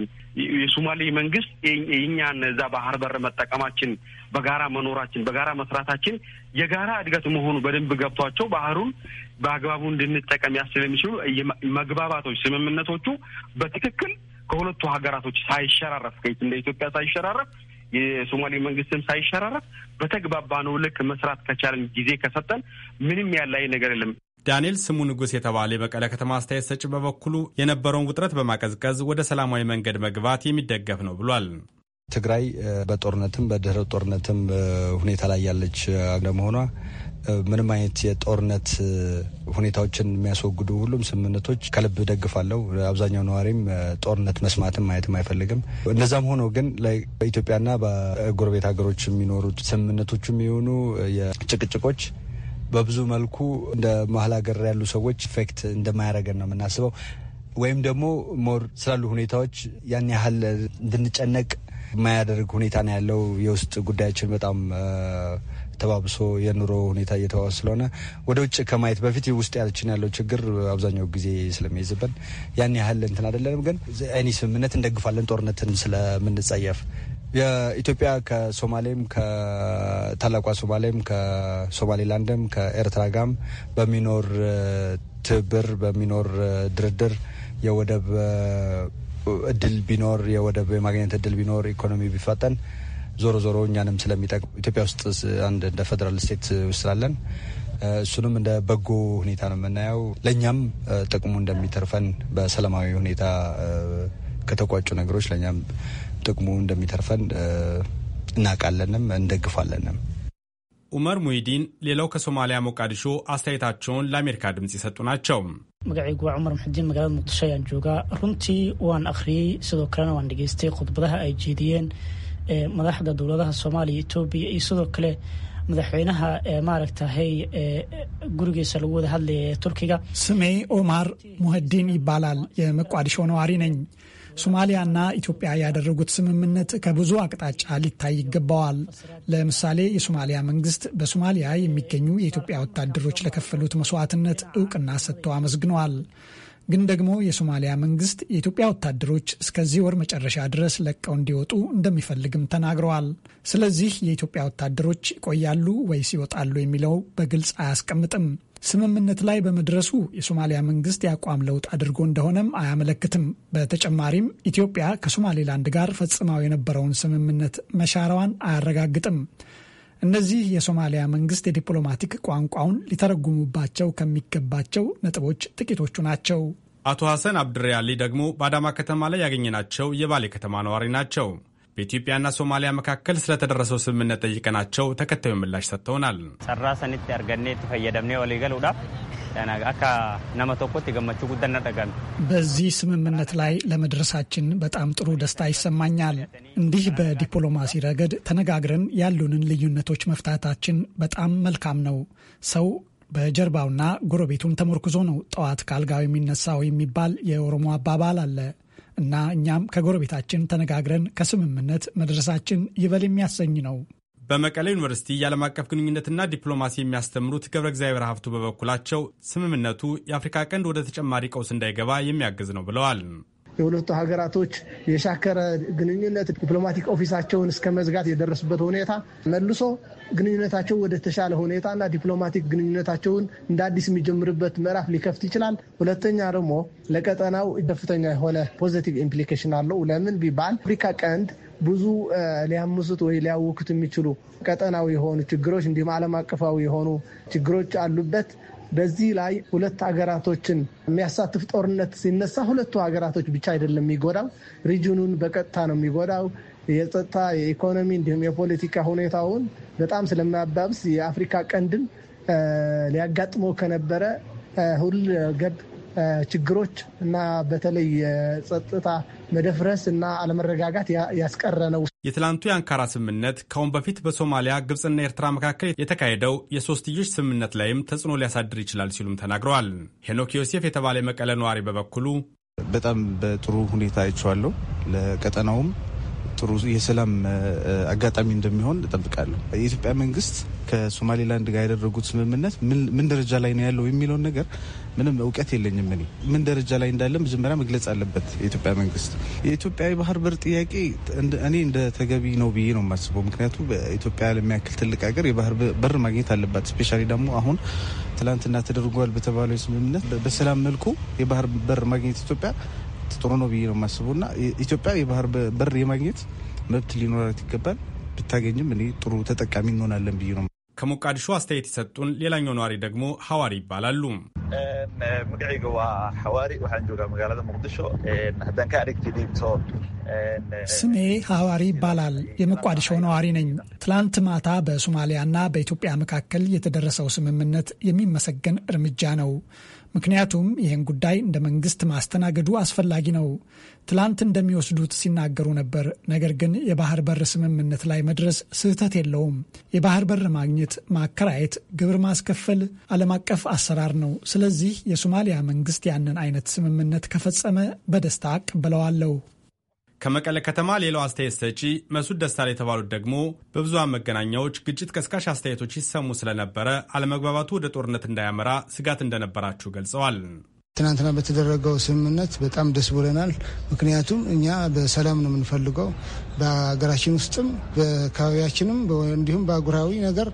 የሶማሌ መንግስት የእኛን እዛ ባህር በር መጠቀማችን በጋራ መኖራችን በጋራ መስራታችን የጋራ እድገት መሆኑ በደንብ ገብቷቸው ባህሩን በአግባቡ እንድንጠቀም የሚችሉ መግባባቶች፣ ስምምነቶቹ በትክክል ከሁለቱ ሀገራቶች ሳይሸራረፍ እንደ ኢትዮጵያ ሳይሸራረፍ የሶማሌ መንግስትም ሳይሸራረፍ በተግባባነው ልክ መስራት ከቻለን ጊዜ ከሰጠን ምንም ያላይ ነገር የለም። ዳንኤል ስሙ ንጉስ የተባለ የመቀለ ከተማ አስተያየት ሰጪ በበኩሉ የነበረውን ውጥረት በማቀዝቀዝ ወደ ሰላማዊ መንገድ መግባት የሚደገፍ ነው ብሏል። ትግራይ በጦርነትም በድህረ ጦርነትም ሁኔታ ላይ ያለች እንደመሆኗ ምንም አይነት የጦርነት ሁኔታዎችን የሚያስወግዱ ሁሉም ስምምነቶች ከልብ ደግፋለሁ። አብዛኛው ነዋሪም ጦርነት መስማትም ማየትም አይፈልግም። እነዛም ሆኖ ግን በኢትዮጵያና በጎረቤት ሀገሮች የሚኖሩት ስምምነቶች የሚሆኑ የጭቅጭቆች በብዙ መልኩ እንደ መሀል ሀገር ያሉ ሰዎች ኢፌክት እንደማያደርገን ነው የምናስበው ወይም ደግሞ ሞር ስላሉ ሁኔታዎች ያን ያህል እንድንጨነቅ የማያደርግ ሁኔታ ነው ያለው። የውስጥ ጉዳያችን በጣም ተባብሶ የኑሮ ሁኔታ እየተባባሰ ስለሆነ ወደ ውጭ ከማየት በፊት ውስጥ ያለችን ያለው ችግር አብዛኛው ጊዜ ስለሚይዝብን ያን ያህል እንትን አይደለንም። ግን አይኒ ስምምነት እንደግፋለን ጦርነትን ስለምንጸየፍ የኢትዮጵያ ከሶማሌም ከታላቋ ሶማሌም ከሶማሌላንድም ከኤርትራ ጋም በሚኖር ትብብር በሚኖር ድርድር የወደብ እድል ቢኖር የወደብ የማግኘት እድል ቢኖር ኢኮኖሚ ቢፈጠን ዞሮ ዞሮ እኛንም ስለሚጠቅም ኢትዮጵያ ውስጥ አንድ እንደ ፌዴራል ስቴት ስላለን እሱንም እንደ በጎ ሁኔታ ነው የምናየው። ለእኛም ጥቅሙ እንደሚተርፈን በሰላማዊ ሁኔታ ከተቋጩ ነገሮች ለእኛም ጥቅሙ እንደሚተርፈን እናውቃለንም እንደግፋለንም። ኡመር ሙሂዲን ሌላው ከሶማሊያ ሞቃዲሾ አስተያየታቸውን ለአሜሪካ ድምፅ የሰጡ ናቸው። magacaygu waa cumar maxudiin magaalada muqdisho ayaan joogaa runtii waan akhriyey sidoo kalena waan dhageystay khudbadaha ay jeediyeen eh, madaxda dowladaha soomaaliya etoobiya iyo sidoo kale madaxweynaha eh, maaragtahay eh, gurigiisa lagu wada hadlayay ee turkiga samey omar muhadiin ibalaal ee muqadisho nawaarineyn ሶማሊያና ኢትዮጵያ ያደረጉት ስምምነት ከብዙ አቅጣጫ ሊታይ ይገባዋል። ለምሳሌ የሶማሊያ መንግስት በሶማሊያ የሚገኙ የኢትዮጵያ ወታደሮች ለከፈሉት መስዋዕትነት እውቅና ሰጥተው አመስግነዋል። ግን ደግሞ የሶማሊያ መንግስት የኢትዮጵያ ወታደሮች እስከዚህ ወር መጨረሻ ድረስ ለቀው እንዲወጡ እንደሚፈልግም ተናግረዋል። ስለዚህ የኢትዮጵያ ወታደሮች ይቆያሉ ወይስ ይወጣሉ የሚለው በግልጽ አያስቀምጥም። ስምምነት ላይ በመድረሱ የሶማሊያ መንግስት የአቋም ለውጥ አድርጎ እንደሆነም አያመለክትም። በተጨማሪም ኢትዮጵያ ከሶማሌላንድ ጋር ፈጽማው የነበረውን ስምምነት መሻራዋን አያረጋግጥም። እነዚህ የሶማሊያ መንግስት የዲፕሎማቲክ ቋንቋውን ሊተረጉሙባቸው ከሚገባቸው ነጥቦች ጥቂቶቹ ናቸው። አቶ ሐሰን አብድሪያሊ ደግሞ በአዳማ ከተማ ላይ ያገኘናቸው የባሌ ከተማ ነዋሪ ናቸው። በኢትዮጵያና ሶማሊያ መካከል ስለተደረሰው ስምምነት ጠይቀናቸው ተከታዩ ምላሽ ሰጥተውናል። ሰራ ሰኒት ያርገኔ ተፈየደምኔ ወሊገሉዳ በዚህ ስምምነት ላይ ለመድረሳችን በጣም ጥሩ ደስታ ይሰማኛል። እንዲህ በዲፕሎማሲ ረገድ ተነጋግረን ያሉንን ልዩነቶች መፍታታችን በጣም መልካም ነው። ሰው በጀርባውና ጎረቤቱን ተመርኩዞ ነው ጠዋት ከአልጋው የሚነሳው የሚባል የኦሮሞ አባባል አለ። እና እኛም ከጎረቤታችን ተነጋግረን ከስምምነት መድረሳችን ይበል የሚያሰኝ ነው። በመቀለ ዩኒቨርሲቲ የዓለም አቀፍ ግንኙነትና ዲፕሎማሲ የሚያስተምሩት ገብረ እግዚአብሔር ሀብቱ በበኩላቸው ስምምነቱ የአፍሪካ ቀንድ ወደ ተጨማሪ ቀውስ እንዳይገባ የሚያግዝ ነው ብለዋል። የሁለቱ ሀገራቶች የሻከረ ግንኙነት ዲፕሎማቲክ ኦፊሳቸውን እስከ መዝጋት የደረሱበት ሁኔታ መልሶ ግንኙነታቸው ወደ ተሻለ ሁኔታና ዲፕሎማቲክ ግንኙነታቸውን እንደ አዲስ የሚጀምርበት ምዕራፍ ሊከፍት ይችላል። ሁለተኛ ደግሞ ለቀጠናው ከፍተኛ የሆነ ፖዘቲቭ ኢምፕሊኬሽን አለው። ለምን ቢባል አፍሪካ ቀንድ ብዙ ሊያምሱት ወይ ሊያውኩት የሚችሉ ቀጠናዊ የሆኑ ችግሮች እንዲሁም ዓለም አቀፋዊ የሆኑ ችግሮች አሉበት። በዚህ ላይ ሁለት ሀገራቶችን የሚያሳትፍ ጦርነት ሲነሳ ሁለቱ ሀገራቶች ብቻ አይደለም የሚጎዳው፣ ሪጅኑን በቀጥታ ነው የሚጎዳው። የጸጥታ የኢኮኖሚ፣ እንዲሁም የፖለቲካ ሁኔታውን በጣም ስለማያባብስ የአፍሪካ ቀንድን ሊያጋጥሞ ከነበረ ሁል ገብ ችግሮች እና በተለይ የጸጥታ መደፍረስ እና አለመረጋጋት ያስቀረ ነው። የትላንቱ የአንካራ ስምምነት ከአሁን በፊት በሶማሊያ ግብፅና ኤርትራ መካከል የተካሄደው የሶስትዮሽ ስምምነት ላይም ተጽዕኖ ሊያሳድር ይችላል ሲሉም ተናግረዋል። ሄኖክ ዮሴፍ የተባለ የመቀለ ነዋሪ በበኩሉ በጣም በጥሩ ሁኔታ አይቼዋለሁ። ለቀጠናውም ጥሩ የሰላም አጋጣሚ እንደሚሆን እጠብቃለሁ። የኢትዮጵያ መንግስት ከሶማሌላንድ ጋር ያደረጉት ስምምነት ምን ደረጃ ላይ ነው ያለው የሚለውን ነገር ምንም እውቀት የለኝም። እኔ ምን ደረጃ ላይ እንዳለ መጀመሪያ መግለጽ አለበት የኢትዮጵያ መንግስት። የኢትዮጵያ የባህር በር ጥያቄ እኔ እንደ ተገቢ ነው ብዬ ነው የማስበው። ምክንያቱም ኢትዮጵያ ለሚያክል ትልቅ ሀገር የባህር በር ማግኘት አለባት። ስፔሻሊ ደግሞ አሁን ትላንትና ተደርጓል በተባለው ስምምነት በሰላም መልኩ የባህር በር ማግኘት ኢትዮጵያ ጥሩ ነው ብዬ ነው የማስበው እና ኢትዮጵያ የባህር በር የማግኘት መብት ሊኖራት ይገባል። ብታገኝም እኔ ጥሩ ተጠቃሚ እንሆናለን ብዬ ነው። ከሞቃዲሾ አስተያየት የሰጡን ሌላኛው ነዋሪ ደግሞ ሐዋሪ ይባላሉ። ስሜ ሐዋሪ ይባላል። የሞቃዲሾ ነዋሪ ነኝ። ትላንት ማታ በሶማሊያና በኢትዮጵያ መካከል የተደረሰው ስምምነት የሚመሰገን እርምጃ ነው። ምክንያቱም ይህን ጉዳይ እንደ መንግስት ማስተናገዱ አስፈላጊ ነው። ትላንት እንደሚወስዱት ሲናገሩ ነበር። ነገር ግን የባህር በር ስምምነት ላይ መድረስ ስህተት የለውም። የባህር በር ማግኘት፣ ማከራየት፣ ግብር ማስከፈል ዓለም አቀፍ አሰራር ነው። ስለዚህ የሶማሊያ መንግስት ያንን አይነት ስምምነት ከፈጸመ በደስታ አቀበለዋለሁ። ከመቀለ ከተማ ሌላው አስተያየት ሰጪ መሱድ ደስታል የተባሉት ደግሞ በብዙሃን መገናኛዎች ግጭት ቀስቃሽ አስተያየቶች ይሰሙ ስለነበረ አለመግባባቱ ወደ ጦርነት እንዳያመራ ስጋት እንደነበራችሁ ገልጸዋል። ትናንትና በተደረገው ስምምነት በጣም ደስ ብለናል። ምክንያቱም እኛ በሰላም ነው የምንፈልገው በሀገራችን ውስጥም በአካባቢያችንም እንዲሁም በአጉራዊ ነገር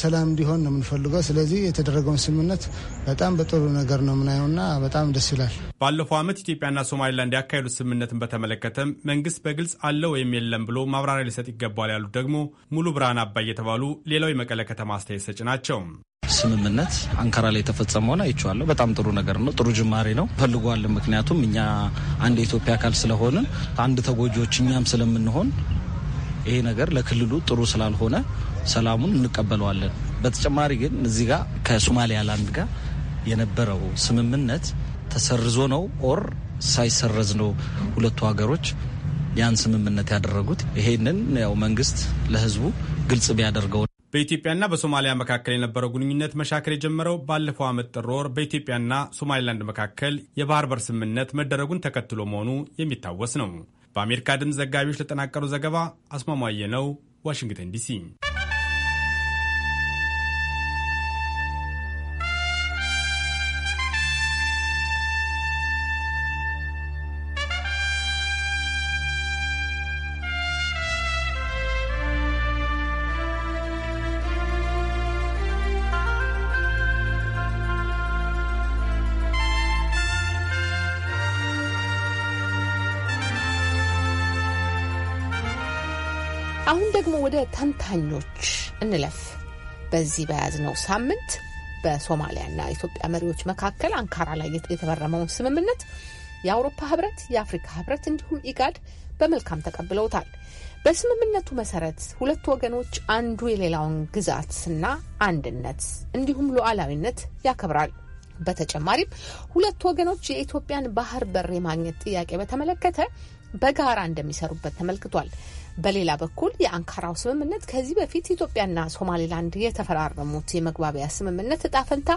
ሰላም እንዲሆን ነው የምንፈልገው። ስለዚህ የተደረገውን ስምምነት በጣም በጥሩ ነገር ነው የምናየውና በጣም ደስ ይላል። ባለፈው ዓመት ኢትዮጵያና ሶማሌላንድ ያካሄዱት ስምምነትን በተመለከተም መንግስት በግልጽ አለ ወይም የለም ብሎ ማብራሪያ ሊሰጥ ይገባል ያሉት ደግሞ ሙሉ ብርሃን አባይ የተባሉ ሌላው የመቀለ ከተማ አስተያየት ሰጭ ናቸው። ስምምነት አንካራ ላይ የተፈጸመውን አይቼዋለሁ። በጣም ጥሩ ነገር ነው። ጥሩ ጅማሬ ነው። ፈልጓለን። ምክንያቱም እኛ አንድ የኢትዮጵያ አካል ስለሆንን አንድ ተጎጂዎች እኛም ስለምንሆን ይሄ ነገር ለክልሉ ጥሩ ስላልሆነ ሰላሙን እንቀበለዋለን። በተጨማሪ ግን እዚህ ጋር ከሶማሊያ ላንድ ጋር የነበረው ስምምነት ተሰርዞ ነው ኦር ሳይሰረዝ ነው ሁለቱ ሀገሮች ያን ስምምነት ያደረጉት። ይሄንን ያው መንግስት ለህዝቡ ግልጽ ቢያደርገው። በኢትዮጵያና በሶማሊያ መካከል የነበረው ግንኙነት መሻከር የጀመረው ባለፈው ዓመት ጥር ወር በኢትዮጵያና ሶማሊላንድ መካከል የባህር በር ስምምነት መደረጉን ተከትሎ መሆኑ የሚታወስ ነው። በአሜሪካ ድምፅ ዘጋቢዎች ለጠናቀሩ ዘገባ አስማማየ ነው፣ ዋሽንግተን ዲሲ አሁን ደግሞ ወደ ተንታኞች እንለፍ። በዚህ በያዝነው ሳምንት በሶማሊያና ኢትዮጵያ መሪዎች መካከል አንካራ ላይ የተፈረመውን ስምምነት የአውሮፓ ህብረት፣ የአፍሪካ ህብረት እንዲሁም ኢጋድ በመልካም ተቀብለውታል። በስምምነቱ መሰረት ሁለቱ ወገኖች አንዱ የሌላውን ግዛትና አንድነት እንዲሁም ሉዓላዊነት ያከብራል። በተጨማሪም ሁለቱ ወገኖች የኢትዮጵያን ባህር በር የማግኘት ጥያቄ በተመለከተ በጋራ እንደሚሰሩበት ተመልክቷል። በሌላ በኩል የአንካራው ስምምነት ከዚህ በፊት ኢትዮጵያና ሶማሌላንድ የተፈራረሙት የመግባቢያ ስምምነት እጣ ፈንታ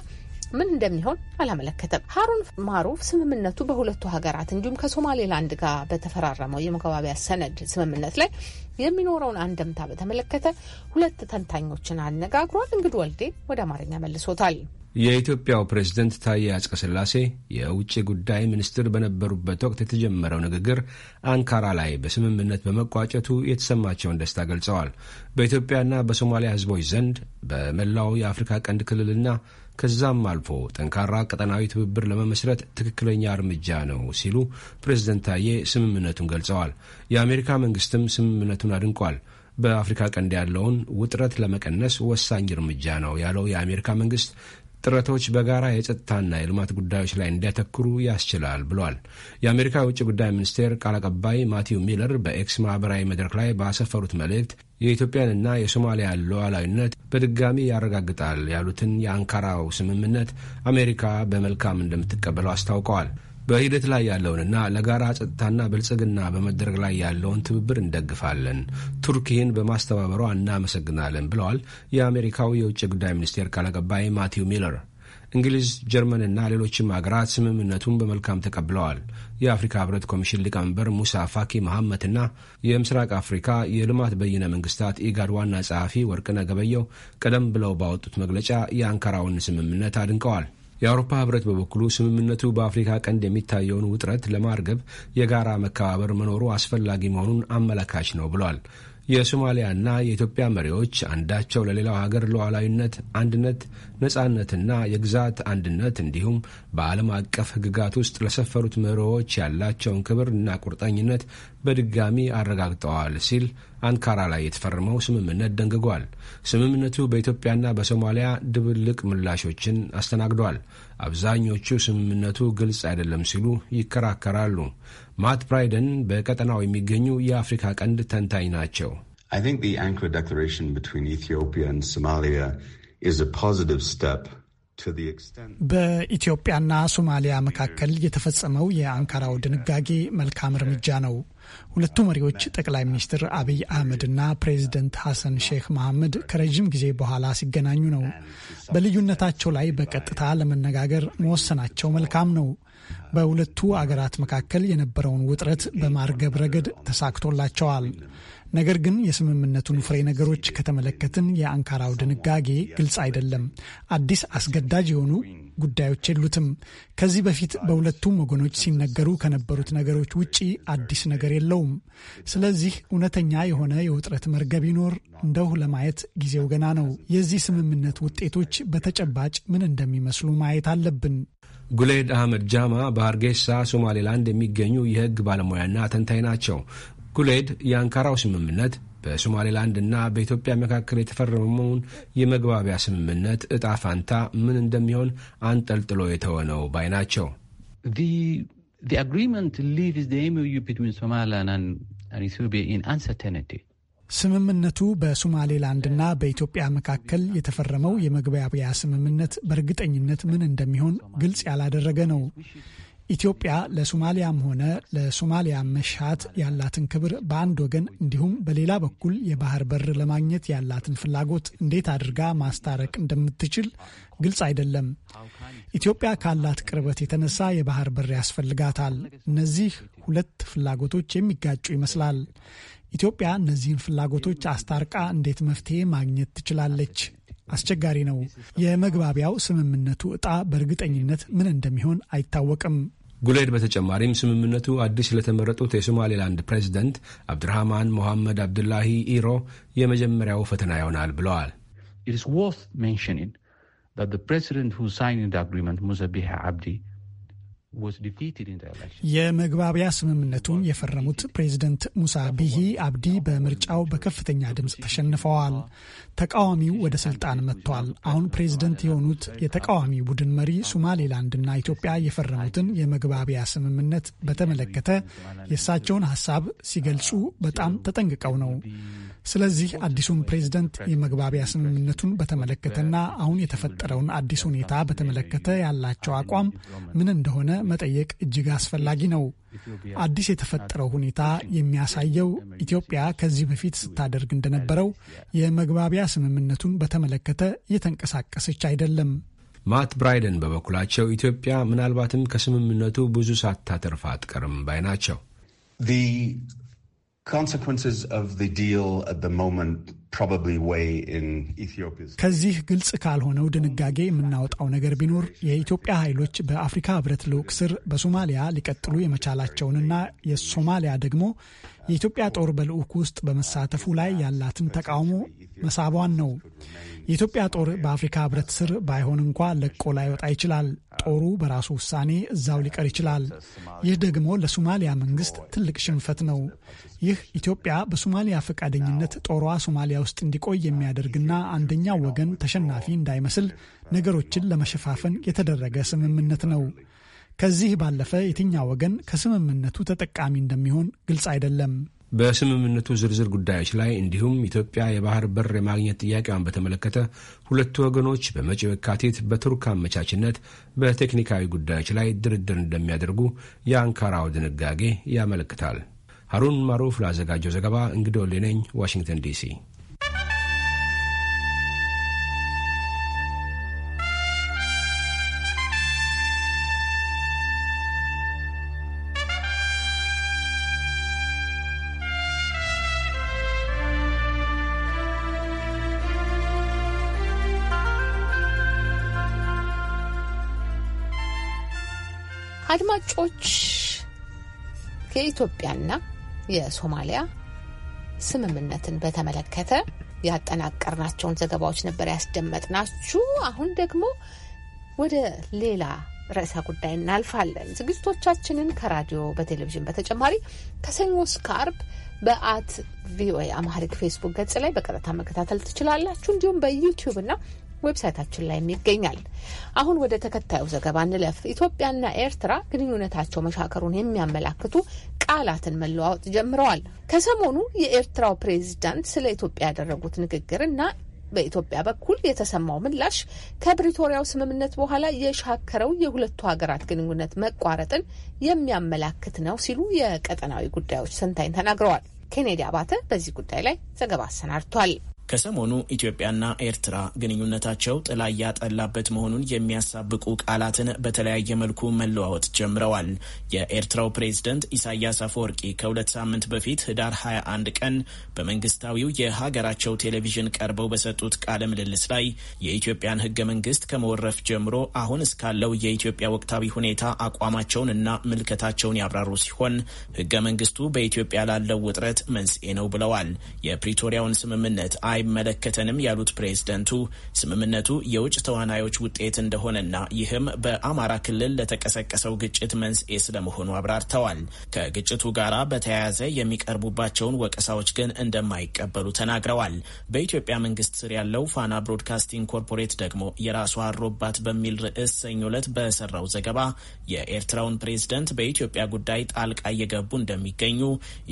ምን እንደሚሆን አላመለከተም። ሀሩን ማሩፍ ስምምነቱ በሁለቱ ሀገራት እንዲሁም ከሶማሌላንድ ጋር በተፈራረመው የመግባቢያ ሰነድ ስምምነት ላይ የሚኖረውን አንደምታ በተመለከተ ሁለት ተንታኞችን አነጋግሯል። እንግዲህ ወልዴ ወደ አማርኛ መልሶታል። የኢትዮጵያው ፕሬዝደንት ታዬ አጽቀሥላሴ የውጭ ጉዳይ ሚኒስትር በነበሩበት ወቅት የተጀመረው ንግግር አንካራ ላይ በስምምነት በመቋጨቱ የተሰማቸውን ደስታ ገልጸዋል። በኢትዮጵያና በሶማሊያ ሕዝቦች ዘንድ በመላው የአፍሪካ ቀንድ ክልልና ከዛም አልፎ ጠንካራ ቀጠናዊ ትብብር ለመመስረት ትክክለኛ እርምጃ ነው ሲሉ ፕሬዝደንት ታዬ ስምምነቱን ገልጸዋል። የአሜሪካ መንግስትም ስምምነቱን አድንቋል። በአፍሪካ ቀንድ ያለውን ውጥረት ለመቀነስ ወሳኝ እርምጃ ነው ያለው የአሜሪካ መንግስት ጥረቶች በጋራ የጸጥታና የልማት ጉዳዮች ላይ እንዲያተክሩ ያስችላል ብሏል። የአሜሪካ የውጭ ጉዳይ ሚኒስቴር ቃል አቀባይ ማቲው ሚለር በኤክስ ማኅበራዊ መድረክ ላይ ባሰፈሩት መልእክት የኢትዮጵያንና የሶማሊያ ሉዓላዊነት በድጋሚ ያረጋግጣል ያሉትን የአንካራው ስምምነት አሜሪካ በመልካም እንደምትቀበለው አስታውቀዋል። በሂደት ላይ ያለውንና ለጋራ ጸጥታና ብልጽግና በመደረግ ላይ ያለውን ትብብር እንደግፋለን። ቱርክ ይህን በማስተባበሯ እናመሰግናለን ብለዋል የአሜሪካው የውጭ ጉዳይ ሚኒስቴር ቃል አቀባይ ማቲው ሚለር። እንግሊዝ፣ ጀርመንና ሌሎችም አገራት ስምምነቱን በመልካም ተቀብለዋል። የአፍሪካ ህብረት ኮሚሽን ሊቀመንበር ሙሳ ፋኪ መሐመትና የምስራቅ አፍሪካ የልማት በይነ መንግስታት ኢጋድ ዋና ጸሐፊ ወርቅነህ ገበየሁ ቀደም ብለው ባወጡት መግለጫ የአንካራውን ስምምነት አድንቀዋል። የአውሮፓ ህብረት በበኩሉ ስምምነቱ በአፍሪካ ቀንድ የሚታየውን ውጥረት ለማርገብ የጋራ መከባበር መኖሩ አስፈላጊ መሆኑን አመላካች ነው ብሏል። የሶማሊያና የኢትዮጵያ መሪዎች አንዳቸው ለሌላው ሀገር ሉዓላዊነት፣ አንድነት፣ ነጻነትና የግዛት አንድነት እንዲሁም በዓለም አቀፍ ሕግጋት ውስጥ ለሰፈሩት መርሆዎች ያላቸውን ክብር እና ቁርጠኝነት በድጋሚ አረጋግጠዋል ሲል አንካራ ላይ የተፈረመው ስምምነት ደንግጓል። ስምምነቱ በኢትዮጵያና በሶማሊያ ድብልቅ ምላሾችን አስተናግዷል። አብዛኞቹ ስምምነቱ ግልጽ አይደለም ሲሉ ይከራከራሉ። ማት ብራይደን በቀጠናው የሚገኙ የአፍሪካ ቀንድ ተንታኝ ናቸው። በኢትዮጵያና ሶማሊያ መካከል የተፈጸመው የአንካራው ድንጋጌ መልካም እርምጃ ነው። ሁለቱ መሪዎች ጠቅላይ ሚኒስትር አብይ እና ፕሬዚደንት ሐሰን ሼክ መሐመድ ከረዥም ጊዜ በኋላ ሲገናኙ ነው። በልዩነታቸው ላይ በቀጥታ ለመነጋገር መወሰናቸው መልካም ነው። በሁለቱ አገራት መካከል የነበረውን ውጥረት በማርገብ ረገድ ተሳክቶላቸዋል። ነገር ግን የስምምነቱን ፍሬ ነገሮች ከተመለከትን የአንካራው ድንጋጌ ግልጽ አይደለም። አዲስ አስገዳጅ የሆኑ ጉዳዮች የሉትም። ከዚህ በፊት በሁለቱም ወገኖች ሲነገሩ ከነበሩት ነገሮች ውጪ አዲስ ነገር የለውም። ስለዚህ እውነተኛ የሆነ የውጥረት መርገብ ይኖር እንደው ለማየት ጊዜው ገና ነው። የዚህ ስምምነት ውጤቶች በተጨባጭ ምን እንደሚመስሉ ማየት አለብን። ጉሌድ አህመድ ጃማ በሀርጌሳ ሶማሌላንድ የሚገኙ የሕግ ባለሙያና ተንታኝ ናቸው። ጉሌድ የአንካራው ስምምነት በሶማሌላንድ እና በኢትዮጵያ መካከል የተፈረመውን የመግባቢያ ስምምነት እጣ ፋንታ ምን እንደሚሆን አንጠልጥሎ የተወ ነው ባይ ናቸው። ስምምነቱ በሶማሌላንድና በኢትዮጵያ መካከል የተፈረመው የመግባቢያ ስምምነት በእርግጠኝነት ምን እንደሚሆን ግልጽ ያላደረገ ነው። ኢትዮጵያ ለሶማሊያም ሆነ ለሶማሊያ መሻት ያላትን ክብር በአንድ ወገን እንዲሁም በሌላ በኩል የባህር በር ለማግኘት ያላትን ፍላጎት እንዴት አድርጋ ማስታረቅ እንደምትችል ግልጽ አይደለም። ኢትዮጵያ ካላት ቅርበት የተነሳ የባህር በር ያስፈልጋታል። እነዚህ ሁለት ፍላጎቶች የሚጋጩ ይመስላል። ኢትዮጵያ እነዚህን ፍላጎቶች አስታርቃ እንዴት መፍትሄ ማግኘት ትችላለች? አስቸጋሪ ነው። የመግባቢያው ስምምነቱ ዕጣ በእርግጠኝነት ምን እንደሚሆን አይታወቅም። ጉሌድ በተጨማሪም ስምምነቱ አዲስ ለተመረጡት የሶማሌላንድ ፕሬዚደንት አብድርሃማን ሞሐመድ አብዱላሂ ኢሮ የመጀመሪያው ፈተና ይሆናል ብለዋል። ኢትስ ወርዝ ሜንሽኒንግ ዛት ዘ ፕሬዚደንት ሁ ሳይንድ ዘ አግሪመንት ሙሳ ቢሂ አብዲ የመግባቢያ ስምምነቱን የፈረሙት ፕሬዚደንት ሙሳ ቢሂ አብዲ በምርጫው በከፍተኛ ድምፅ ተሸንፈዋል። ተቃዋሚው ወደ ስልጣን መጥቷል። አሁን ፕሬዚደንት የሆኑት የተቃዋሚ ቡድን መሪ ሶማሌላንድና ኢትዮጵያ የፈረሙትን የመግባቢያ ስምምነት በተመለከተ የእሳቸውን ሀሳብ ሲገልጹ በጣም ተጠንቅቀው ነው። ስለዚህ አዲሱን ፕሬዝደንት የመግባቢያ ስምምነቱን በተመለከተና አሁን የተፈጠረውን አዲስ ሁኔታ በተመለከተ ያላቸው አቋም ምን እንደሆነ መጠየቅ እጅግ አስፈላጊ ነው። አዲስ የተፈጠረው ሁኔታ የሚያሳየው ኢትዮጵያ ከዚህ በፊት ስታደርግ እንደነበረው የመግባቢያ ስምምነቱን በተመለከተ እየተንቀሳቀሰች አይደለም። ማት ብራይደን በበኩላቸው ኢትዮጵያ ምናልባትም ከስምምነቱ ብዙ ሳታተርፍ አትቀርም ባይ ናቸው። ከዚህ ግልጽ ካልሆነው ድንጋጌ የምናወጣው ነገር ቢኖር የኢትዮጵያ ኃይሎች በአፍሪካ ሕብረት ልዑክ ስር በሶማሊያ ሊቀጥሉ የመቻላቸውንና የሶማሊያ ደግሞ የኢትዮጵያ ጦር በልዑክ ውስጥ በመሳተፉ ላይ ያላትን ተቃውሞ መሳቧን ነው። የኢትዮጵያ ጦር በአፍሪካ ሕብረት ስር ባይሆን እንኳ ለቆ ላይወጣ ይችላል። ጦሩ በራሱ ውሳኔ እዛው ሊቀር ይችላል። ይህ ደግሞ ለሶማሊያ መንግስት ትልቅ ሽንፈት ነው። ይህ ኢትዮጵያ በሶማሊያ ፈቃደኝነት ጦሯ ሶማሊያ ውስጥ እንዲቆይ የሚያደርግና አንደኛው ወገን ተሸናፊ እንዳይመስል ነገሮችን ለመሸፋፈን የተደረገ ስምምነት ነው። ከዚህ ባለፈ የትኛው ወገን ከስምምነቱ ተጠቃሚ እንደሚሆን ግልጽ አይደለም። በስምምነቱ ዝርዝር ጉዳዮች ላይ እንዲሁም ኢትዮጵያ የባህር በር የማግኘት ጥያቄዋን በተመለከተ ሁለቱ ወገኖች በመጪው የካቲት በቱርክ አመቻችነት በቴክኒካዊ ጉዳዮች ላይ ድርድር እንደሚያደርጉ የአንካራው ድንጋጌ ያመለክታል። ሀሩን ማሩፍ ላዘጋጀው ዘገባ እንግዶ ሌነኝ ዋሽንግተን ዲሲ አድማጮች የኢትዮጵያና የሶማሊያ ስምምነትን በተመለከተ ያጠናቀርናቸውን ዘገባዎች ነበር ያስደመጥናችሁ። አሁን ደግሞ ወደ ሌላ ርዕሰ ጉዳይ እናልፋለን። ዝግጅቶቻችንን ከራዲዮ በቴሌቪዥን በተጨማሪ ከሰኞ እስከ አርብ በአት ቪኦኤ አማሪክ ፌስቡክ ገጽ ላይ በቀጥታ መከታተል ትችላላችሁ። እንዲሁም በዩቲዩብ እና ዌብሳይታችን ላይም ይገኛል። አሁን ወደ ተከታዩ ዘገባ እንለፍ። ኢትዮጵያና ኤርትራ ግንኙነታቸው መሻከሩን የሚያመላክቱ ቃላትን መለዋወጥ ጀምረዋል። ከሰሞኑ የኤርትራው ፕሬዚዳንት ስለ ኢትዮጵያ ያደረጉት ንግግር እና በኢትዮጵያ በኩል የተሰማው ምላሽ ከፕሪቶሪያው ስምምነት በኋላ የሻከረው የሁለቱ ሀገራት ግንኙነት መቋረጥን የሚያመላክት ነው ሲሉ የቀጠናዊ ጉዳዮች ተንታኝ ተናግረዋል። ኬኔዲ አባተ በዚህ ጉዳይ ላይ ዘገባ አሰናድቷል። ከሰሞኑ ኢትዮጵያና ኤርትራ ግንኙነታቸው ጥላ እያጠላበት መሆኑን የሚያሳብቁ ቃላትን በተለያየ መልኩ መለዋወጥ ጀምረዋል። የኤርትራው ፕሬዝደንት ኢሳያስ አፈወርቂ ከሁለት ሳምንት በፊት ህዳር 21 ቀን በመንግስታዊው የሀገራቸው ቴሌቪዥን ቀርበው በሰጡት ቃለ ምልልስ ላይ የኢትዮጵያን ህገ መንግስት ከመወረፍ ጀምሮ አሁን እስካለው የኢትዮጵያ ወቅታዊ ሁኔታ አቋማቸውን እና ምልከታቸውን ያብራሩ ሲሆን ህገ መንግስቱ በኢትዮጵያ ላለው ውጥረት መንስኤ ነው ብለዋል። የፕሪቶሪያውን ስምምነት አይ አይመለከተንም ያሉት ፕሬዝደንቱ ስምምነቱ የውጭ ተዋናዮች ውጤት እንደሆነና ይህም በአማራ ክልል ለተቀሰቀሰው ግጭት መንስኤ ስለመሆኑ አብራርተዋል። ከግጭቱ ጋር በተያያዘ የሚቀርቡባቸውን ወቀሳዎች ግን እንደማይቀበሉ ተናግረዋል። በኢትዮጵያ መንግስት ስር ያለው ፋና ብሮድካስቲንግ ኮርፖሬት ደግሞ የራሱ አሮባት በሚል ርዕስ ሰኞ ዕለት በሰራው ዘገባ የኤርትራውን ፕሬዝደንት በኢትዮጵያ ጉዳይ ጣልቃ እየገቡ እንደሚገኙ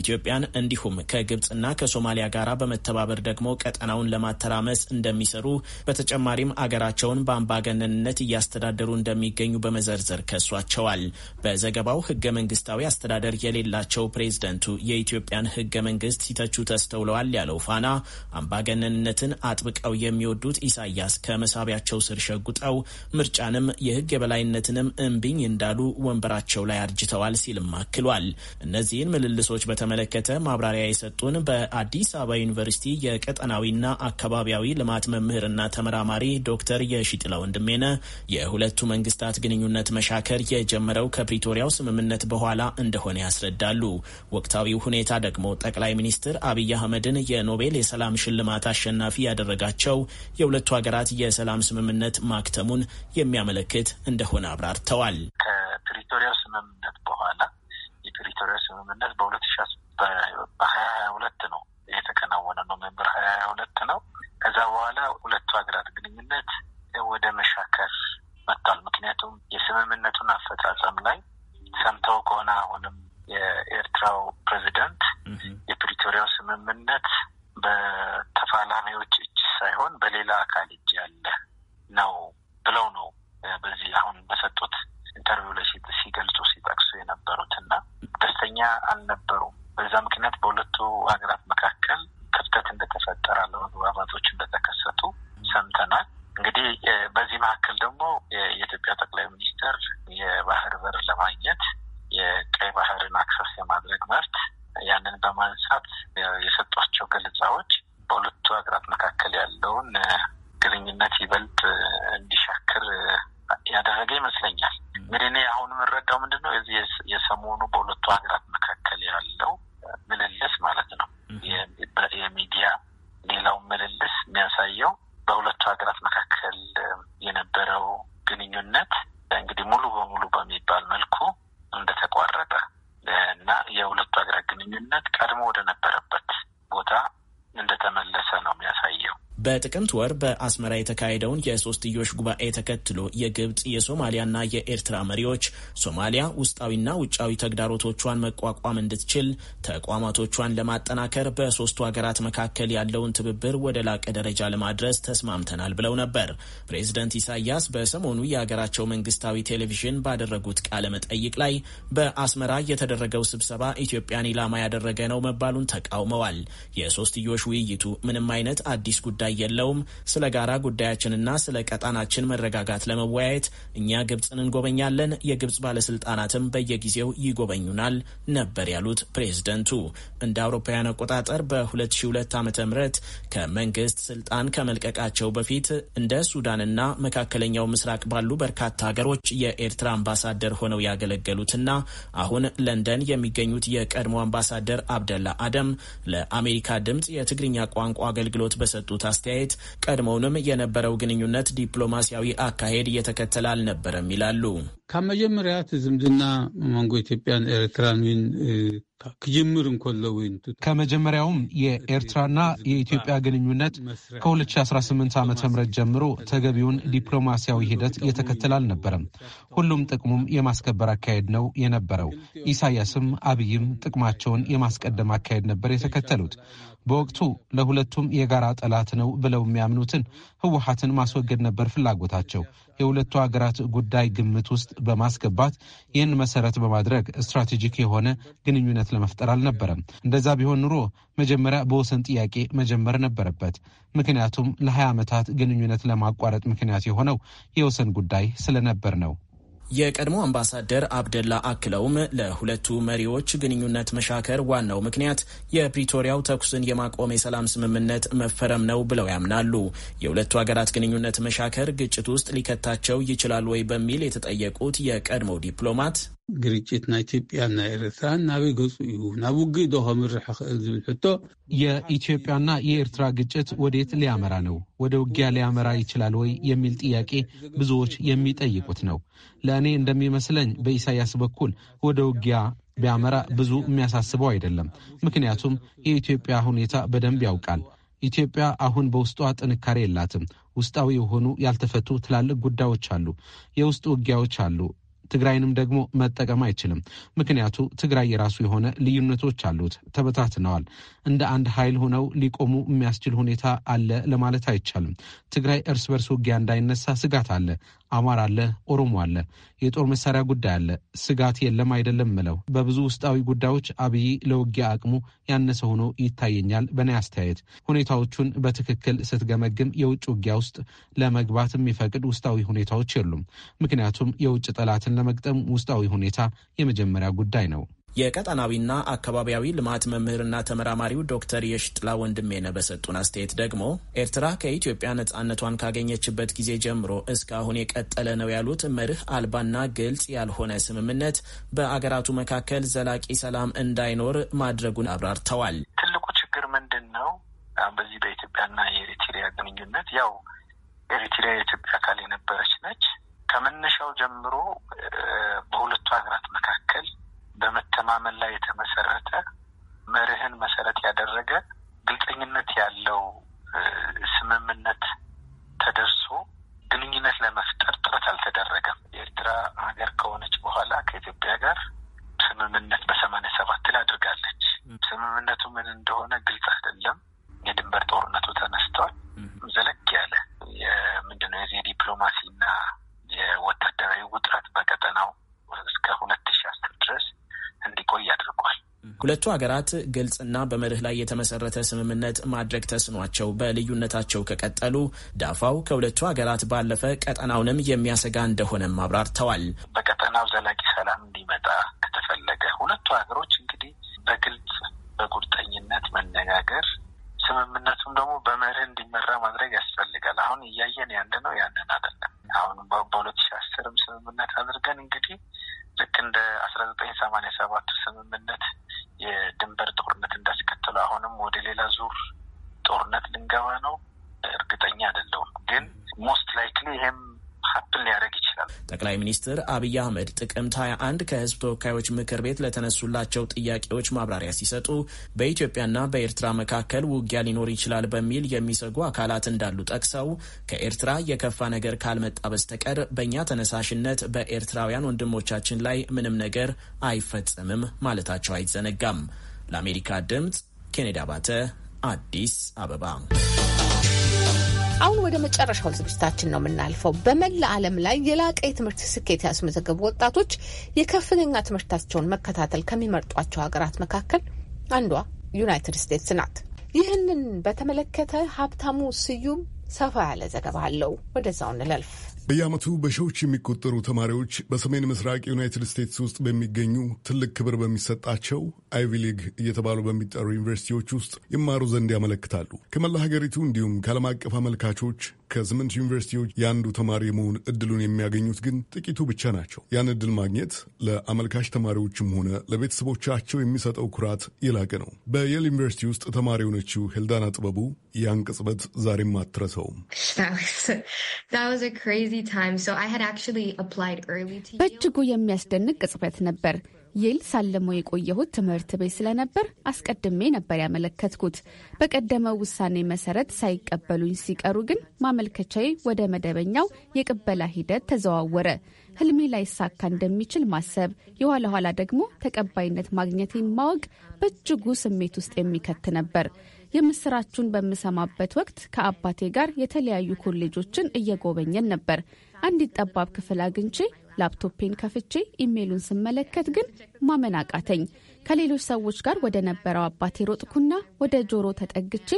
ኢትዮጵያን እንዲሁም ከግብፅና ከሶማሊያ ጋር በመተባበር ደግሞ ቀጥ ቀጠናውን ለማተራመስ እንደሚሰሩ በተጨማሪም አገራቸውን በአምባገነንነት እያስተዳደሩ እንደሚገኙ በመዘርዘር ከሷቸዋል። በዘገባው ህገ መንግስታዊ አስተዳደር የሌላቸው ፕሬዝደንቱ የኢትዮጵያን ህገ መንግስት ሲተቹ ተስተውለዋል ያለው ፋና አምባገነንነትን አጥብቀው የሚወዱት ኢሳያስ ከመሳቢያቸው ስር ሸጉጠው ምርጫንም የህግ የበላይነትንም እምቢኝ እንዳሉ ወንበራቸው ላይ አርጅተዋል ሲልም አክሏል። እነዚህን ምልልሶች በተመለከተ ማብራሪያ የሰጡን በአዲስ አበባ ዩኒቨርሲቲ የቀጠናዊ ማህበራዊና አካባቢያዊ ልማት መምህርና ተመራማሪ ዶክተር የሺጥላ ወንድሜነ የሁለቱ መንግስታት ግንኙነት መሻከር የጀመረው ከፕሪቶሪያው ስምምነት በኋላ እንደሆነ ያስረዳሉ። ወቅታዊው ሁኔታ ደግሞ ጠቅላይ ሚኒስትር አብይ አህመድን የኖቤል የሰላም ሽልማት አሸናፊ ያደረጋቸው የሁለቱ ሀገራት የሰላም ስምምነት ማክተሙን የሚያመለክት እንደሆነ አብራርተዋል። ከፕሪቶሪያው ስምምነት በኋላ የፕሪቶሪያው ስምምነት በሁለት ሺ በሀያ ሁለት ነው የተከናወነ ነው። ሜምበር ሀያ ሁለት ነው። ከዛ በኋላ ሁለቱ ሀገራት ግንኙነት ወደ መሻከር መጥቷል። ምክንያቱም የስምምነቱን አፈጻጸም ላይ ሰምተው ከሆነ አሁንም የኤርትራው ፕሬዚደንት የፕሪቶሪያው ስምምነት በተፋላሚዎች እጅ ሳይሆን በሌላ አካል እጅ ያለ ነው ብለው ነው በዚህ አሁን በሰጡት ኢንተርቪው ላይ ሲገልጹ ሲጠቅሱ የነበሩት እና ደስተኛ አልነበሩም። በዛ ምክንያት በሁለቱ ሀገራት መካከል ክፍተት እንደተፈጠረ አለመግባባቶች እንደተከሰቱ ሰምተናል። እንግዲህ በዚህ መካከል ደግሞ የኢትዮጵያ ጠቅላይ ሚኒስትር የባህር በር ለማግኘት የቀይ ባህርን አክሰስ የማድረግ መብት ያንን በማንሳት የሰጧቸው ገለጻዎች በሁለቱ ሀገራት መካከል ያለውን ግንኙነት ይበልጥ እንዲሻክር ያደረገ ይመስለኛል። እንግዲህ እኔ አሁን የምንረዳው ምንድን ነው የዚህ የሰሞኑ በሁለቱ ሀገራት መካከል ያለው ምልልስ ማለት ነው። የሚዲያ ሌላው ምልልስ የሚያሳየው በሁለቱ ሀገራት መካከል የነበረው ግንኙነት እንግዲህ ሙሉ በሙሉ በሚባል መልኩ እንደተ በጥቅምት ወር በአስመራ የተካሄደውን የሶስትዮሽ ጉባኤ ተከትሎ የግብጽ የሶማሊያና የኤርትራ መሪዎች ሶማሊያ ውስጣዊና ውጫዊ ተግዳሮቶቿን መቋቋም እንድትችል ተቋማቶቿን ለማጠናከር በሶስቱ ሀገራት መካከል ያለውን ትብብር ወደ ላቀ ደረጃ ለማድረስ ተስማምተናል ብለው ነበር። ፕሬዚደንት ኢሳያስ በሰሞኑ የሀገራቸው መንግስታዊ ቴሌቪዥን ባደረጉት ቃለ መጠይቅ ላይ በአስመራ የተደረገው ስብሰባ ኢትዮጵያን ኢላማ ያደረገ ነው መባሉን ተቃውመዋል። የሶስትዮሽ ውይይቱ ምንም አይነት አዲስ ጉዳይ የለውም። ስለ ጋራ ጉዳያችንና ስለ ቀጣናችን መረጋጋት ለመወያየት እኛ ግብፅን እንጎበኛለን፣ የግብፅ ባለስልጣናትም በየጊዜው ይጎበኙናል ነበር ያሉት ፕሬዝደንቱ እንደ አውሮፓውያን አቆጣጠር በ2002 ዓ ም ከመንግስት ስልጣን ከመልቀቃቸው በፊት እንደ ሱዳንና መካከለኛው ምስራቅ ባሉ በርካታ ሀገሮች የኤርትራ አምባሳደር ሆነው ያገለገሉትና አሁን ለንደን የሚገኙት የቀድሞ አምባሳደር አብደላ አደም ለአሜሪካ ድምፅ የትግርኛ ቋንቋ አገልግሎት በሰጡት አስተያየት አስተያየት ቀድሞውንም የነበረው ግንኙነት ዲፕሎማሲያዊ አካሄድ እየተከተለ አልነበረም ይላሉ። ከመጀመሪያ ትዝምድና መንጎ ኢትዮጵያን ኤርትራን ውን ክጅምር እንከሎ ከመጀመሪያውም የኤርትራና የኢትዮጵያ ግንኙነት ከ2018 ዓ ም ጀምሮ ተገቢውን ዲፕሎማሲያዊ ሂደት የተከተለ አልነበረም። ሁሉም ጥቅሙም የማስከበር አካሄድ ነው የነበረው። ኢሳያስም አብይም ጥቅማቸውን የማስቀደም አካሄድ ነበር የተከተሉት። በወቅቱ ለሁለቱም የጋራ ጠላት ነው ብለው የሚያምኑትን ህወሓትን ማስወገድ ነበር ፍላጎታቸው። የሁለቱ ሀገራት ጉዳይ ግምት ውስጥ በማስገባት ይህን መሰረት በማድረግ ስትራቴጂክ የሆነ ግንኙነት ለመፍጠር አልነበረም። እንደዛ ቢሆን ኑሮ መጀመሪያ በወሰን ጥያቄ መጀመር ነበረበት። ምክንያቱም ለ ዓመታት ግንኙነት ለማቋረጥ ምክንያት የሆነው የወሰን ጉዳይ ስለነበር ነው። የቀድሞ አምባሳደር አብደላ አክለውም ለሁለቱ መሪዎች ግንኙነት መሻከር ዋናው ምክንያት የፕሪቶሪያው ተኩስን የማቆም የሰላም ስምምነት መፈረም ነው ብለው ያምናሉ። የሁለቱ ሀገራት ግንኙነት መሻከር ግጭት ውስጥ ሊከታቸው ይችላል ወይ በሚል የተጠየቁት የቀድሞ ዲፕሎማት ግርጭት ናይ ኢትዮጵያን ናይ ኤርትራን ናበይ ገፁ እዩ ናብ ውግእ ዶ ከምርሕ ክእል ዝብል ሕቶ የኢትዮጵያና የኤርትራ ግጭት ወዴት ሊያመራ ነው? ወደ ውጊያ ሊያመራ ይችላል ወይ የሚል ጥያቄ ብዙዎች የሚጠይቁት ነው። ለእኔ እንደሚመስለኝ በኢሳያስ በኩል ወደ ውጊያ ቢያመራ ብዙ የሚያሳስበው አይደለም። ምክንያቱም የኢትዮጵያ ሁኔታ በደንብ ያውቃል። ኢትዮጵያ አሁን በውስጧ ጥንካሬ የላትም። ውስጣዊ የሆኑ ያልተፈቱ ትላልቅ ጉዳዮች አሉ። የውስጥ ውጊያዎች አሉ። ትግራይንም ደግሞ መጠቀም አይችልም። ምክንያቱ ትግራይ የራሱ የሆነ ልዩነቶች አሉት፣ ተበታትነዋል። እንደ አንድ ኃይል ሆነው ሊቆሙ የሚያስችል ሁኔታ አለ ለማለት አይቻልም። ትግራይ እርስ በርስ ውጊያ እንዳይነሳ ስጋት አለ። አማራ አለ፣ ኦሮሞ አለ፣ የጦር መሳሪያ ጉዳይ አለ። ስጋት የለም አይደለም ምለው በብዙ ውስጣዊ ጉዳዮች አብይ ለውጊያ አቅሙ ያነሰ ሆኖ ይታየኛል። በኔ አስተያየት ሁኔታዎቹን በትክክል ስትገመግም የውጭ ውጊያ ውስጥ ለመግባት የሚፈቅድ ውስጣዊ ሁኔታዎች የሉም። ምክንያቱም የውጭ ጠላትን ለመግጠም ውስጣዊ ሁኔታ የመጀመሪያ ጉዳይ ነው። የቀጠናዊና አካባቢያዊ ልማት መምህርና ተመራማሪው ዶክተር የሽጥላ ወንድሜነህ በሰጡን አስተያየት ደግሞ ኤርትራ ከኢትዮጵያ ነጻነቷን ካገኘችበት ጊዜ ጀምሮ እስካሁን የቀጠለ ነው ያሉት መርህ አልባና ግልጽ ያልሆነ ስምምነት በአገራቱ መካከል ዘላቂ ሰላም እንዳይኖር ማድረጉን አብራርተዋል። ትልቁ ችግር ምንድን ነው? በዚህ በኢትዮጵያና የኤሪትሪያ ግንኙነት ያው ኤሪትሪያ የኢትዮጵያ አካል የነበረች ነች። ከመነሻው ጀምሮ በሁለቱ ሀገራት መካከል መተማመን ላይ የተመሰረተ ሁለቱ ሀገራት ግልጽና በመርህ ላይ የተመሰረተ ስምምነት ማድረግ ተስኗቸው በልዩነታቸው ከቀጠሉ ዳፋው ከሁለቱ ሀገራት ባለፈ ቀጠናውንም የሚያሰጋ እንደሆነም አብራርተዋል። ሚኒስትር አብይ አህመድ ጥቅምት 21 ከህዝብ ተወካዮች ምክር ቤት ለተነሱላቸው ጥያቄዎች ማብራሪያ ሲሰጡ በኢትዮጵያና በኤርትራ መካከል ውጊያ ሊኖር ይችላል በሚል የሚሰጉ አካላት እንዳሉ ጠቅሰው ከኤርትራ የከፋ ነገር ካልመጣ በስተቀር በእኛ ተነሳሽነት በኤርትራውያን ወንድሞቻችን ላይ ምንም ነገር አይፈጸምም ማለታቸው አይዘነጋም። ለአሜሪካ ድምፅ ኬኔዲ አባተ አዲስ አበባ አሁን ወደ መጨረሻው ዝግጅታችን ነው የምናልፈው። በመላ ዓለም ላይ የላቀ የትምህርት ስኬት ያስመዘገቡ ወጣቶች የከፍተኛ ትምህርታቸውን መከታተል ከሚመርጧቸው ሀገራት መካከል አንዷ ዩናይትድ ስቴትስ ናት። ይህንን በተመለከተ ሀብታሙ ስዩም ሰፋ ያለ ዘገባ አለው። ወደዛው እንለልፍ። በየዓመቱ በሺዎች የሚቆጠሩ ተማሪዎች በሰሜን ምስራቅ ዩናይትድ ስቴትስ ውስጥ በሚገኙ ትልቅ ክብር በሚሰጣቸው አይቪ ሊግ እየተባሉ በሚጠሩ ዩኒቨርሲቲዎች ውስጥ ይማሩ ዘንድ ያመለክታሉ። ከመላ ሀገሪቱ እንዲሁም ከዓለም አቀፍ አመልካቾች ከስምንት ዩኒቨርሲቲዎች የአንዱ ተማሪ የመሆን እድሉን የሚያገኙት ግን ጥቂቱ ብቻ ናቸው። ያን እድል ማግኘት ለአመልካች ተማሪዎችም ሆነ ለቤተሰቦቻቸው የሚሰጠው ኩራት የላቀ ነው። በየል ዩኒቨርሲቲ ውስጥ ተማሪ የሆነችው ሄልዳና ጥበቡ ያን ቅጽበት ዛሬም አትረሰውም። በእጅጉ የሚያስደንቅ ቅጽበት ነበር። ይል ሳለሞ የቆየሁት ትምህርት ቤት ስለነበር አስቀድሜ ነበር ያመለከትኩት። በቀደመው ውሳኔ መሰረት ሳይቀበሉኝ ሲቀሩ ግን ማመልከቻዬ ወደ መደበኛው የቅበላ ሂደት ተዘዋወረ። ህልሜ ላይሳካ እንደሚችል ማሰብ፣ የኋላ ኋላ ደግሞ ተቀባይነት ማግኘቴን ማወቅ በእጅጉ ስሜት ውስጥ የሚከት ነበር። የምስራቹን በምሰማበት ወቅት ከአባቴ ጋር የተለያዩ ኮሌጆችን እየጎበኘን ነበር። አንዲት ጠባብ ክፍል አግኝቼ ላፕቶፔን ከፍቼ ኢሜሉን ስመለከት ግን ማመን አቃተኝ። ከሌሎች ሰዎች ጋር ወደ ነበረው አባቴ ሮጥኩና ወደ ጆሮ ተጠግቼ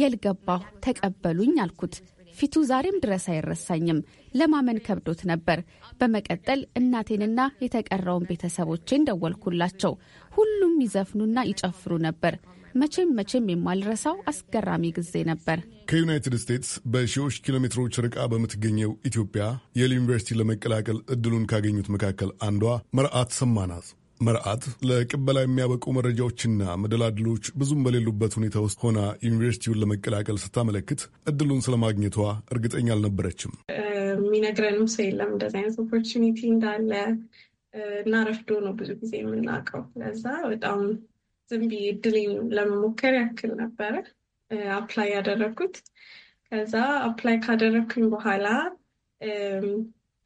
የልገባሁ ተቀበሉኝ አልኩት። ፊቱ ዛሬም ድረስ አይረሳኝም። ለማመን ከብዶት ነበር። በመቀጠል እናቴንና የተቀረውን ቤተሰቦቼን ደወልኩላቸው። ሁሉም ይዘፍኑና ይጨፍሩ ነበር። መቼም መቼም የማልረሳው አስገራሚ ጊዜ ነበር። ከዩናይትድ ስቴትስ በሺዎች ኪሎ ሜትሮች ርቃ በምትገኘው ኢትዮጵያ የል ዩኒቨርሲቲ ለመቀላቀል እድሉን ካገኙት መካከል አንዷ መርአት ሰማናት። መርዓት ለቅበላ የሚያበቁ መረጃዎችና መደላድሎች ብዙም በሌሉበት ሁኔታ ውስጥ ሆና ዩኒቨርሲቲውን ለመቀላቀል ስታመለክት እድሉን ስለማግኘቷ እርግጠኛ አልነበረችም። የሚነግረንም ሰው የለም እንደዚህ አይነት ኦፖርቹኒቲ እንዳለ እና ረፍዶ ነው ብዙ ጊዜ የምናውቀው። ለዛ በጣም ዝም ብዬ እድሌን ለመሞከር ያክል ነበረ አፕላይ ያደረግኩት። ከዛ አፕላይ ካደረግኩኝ በኋላ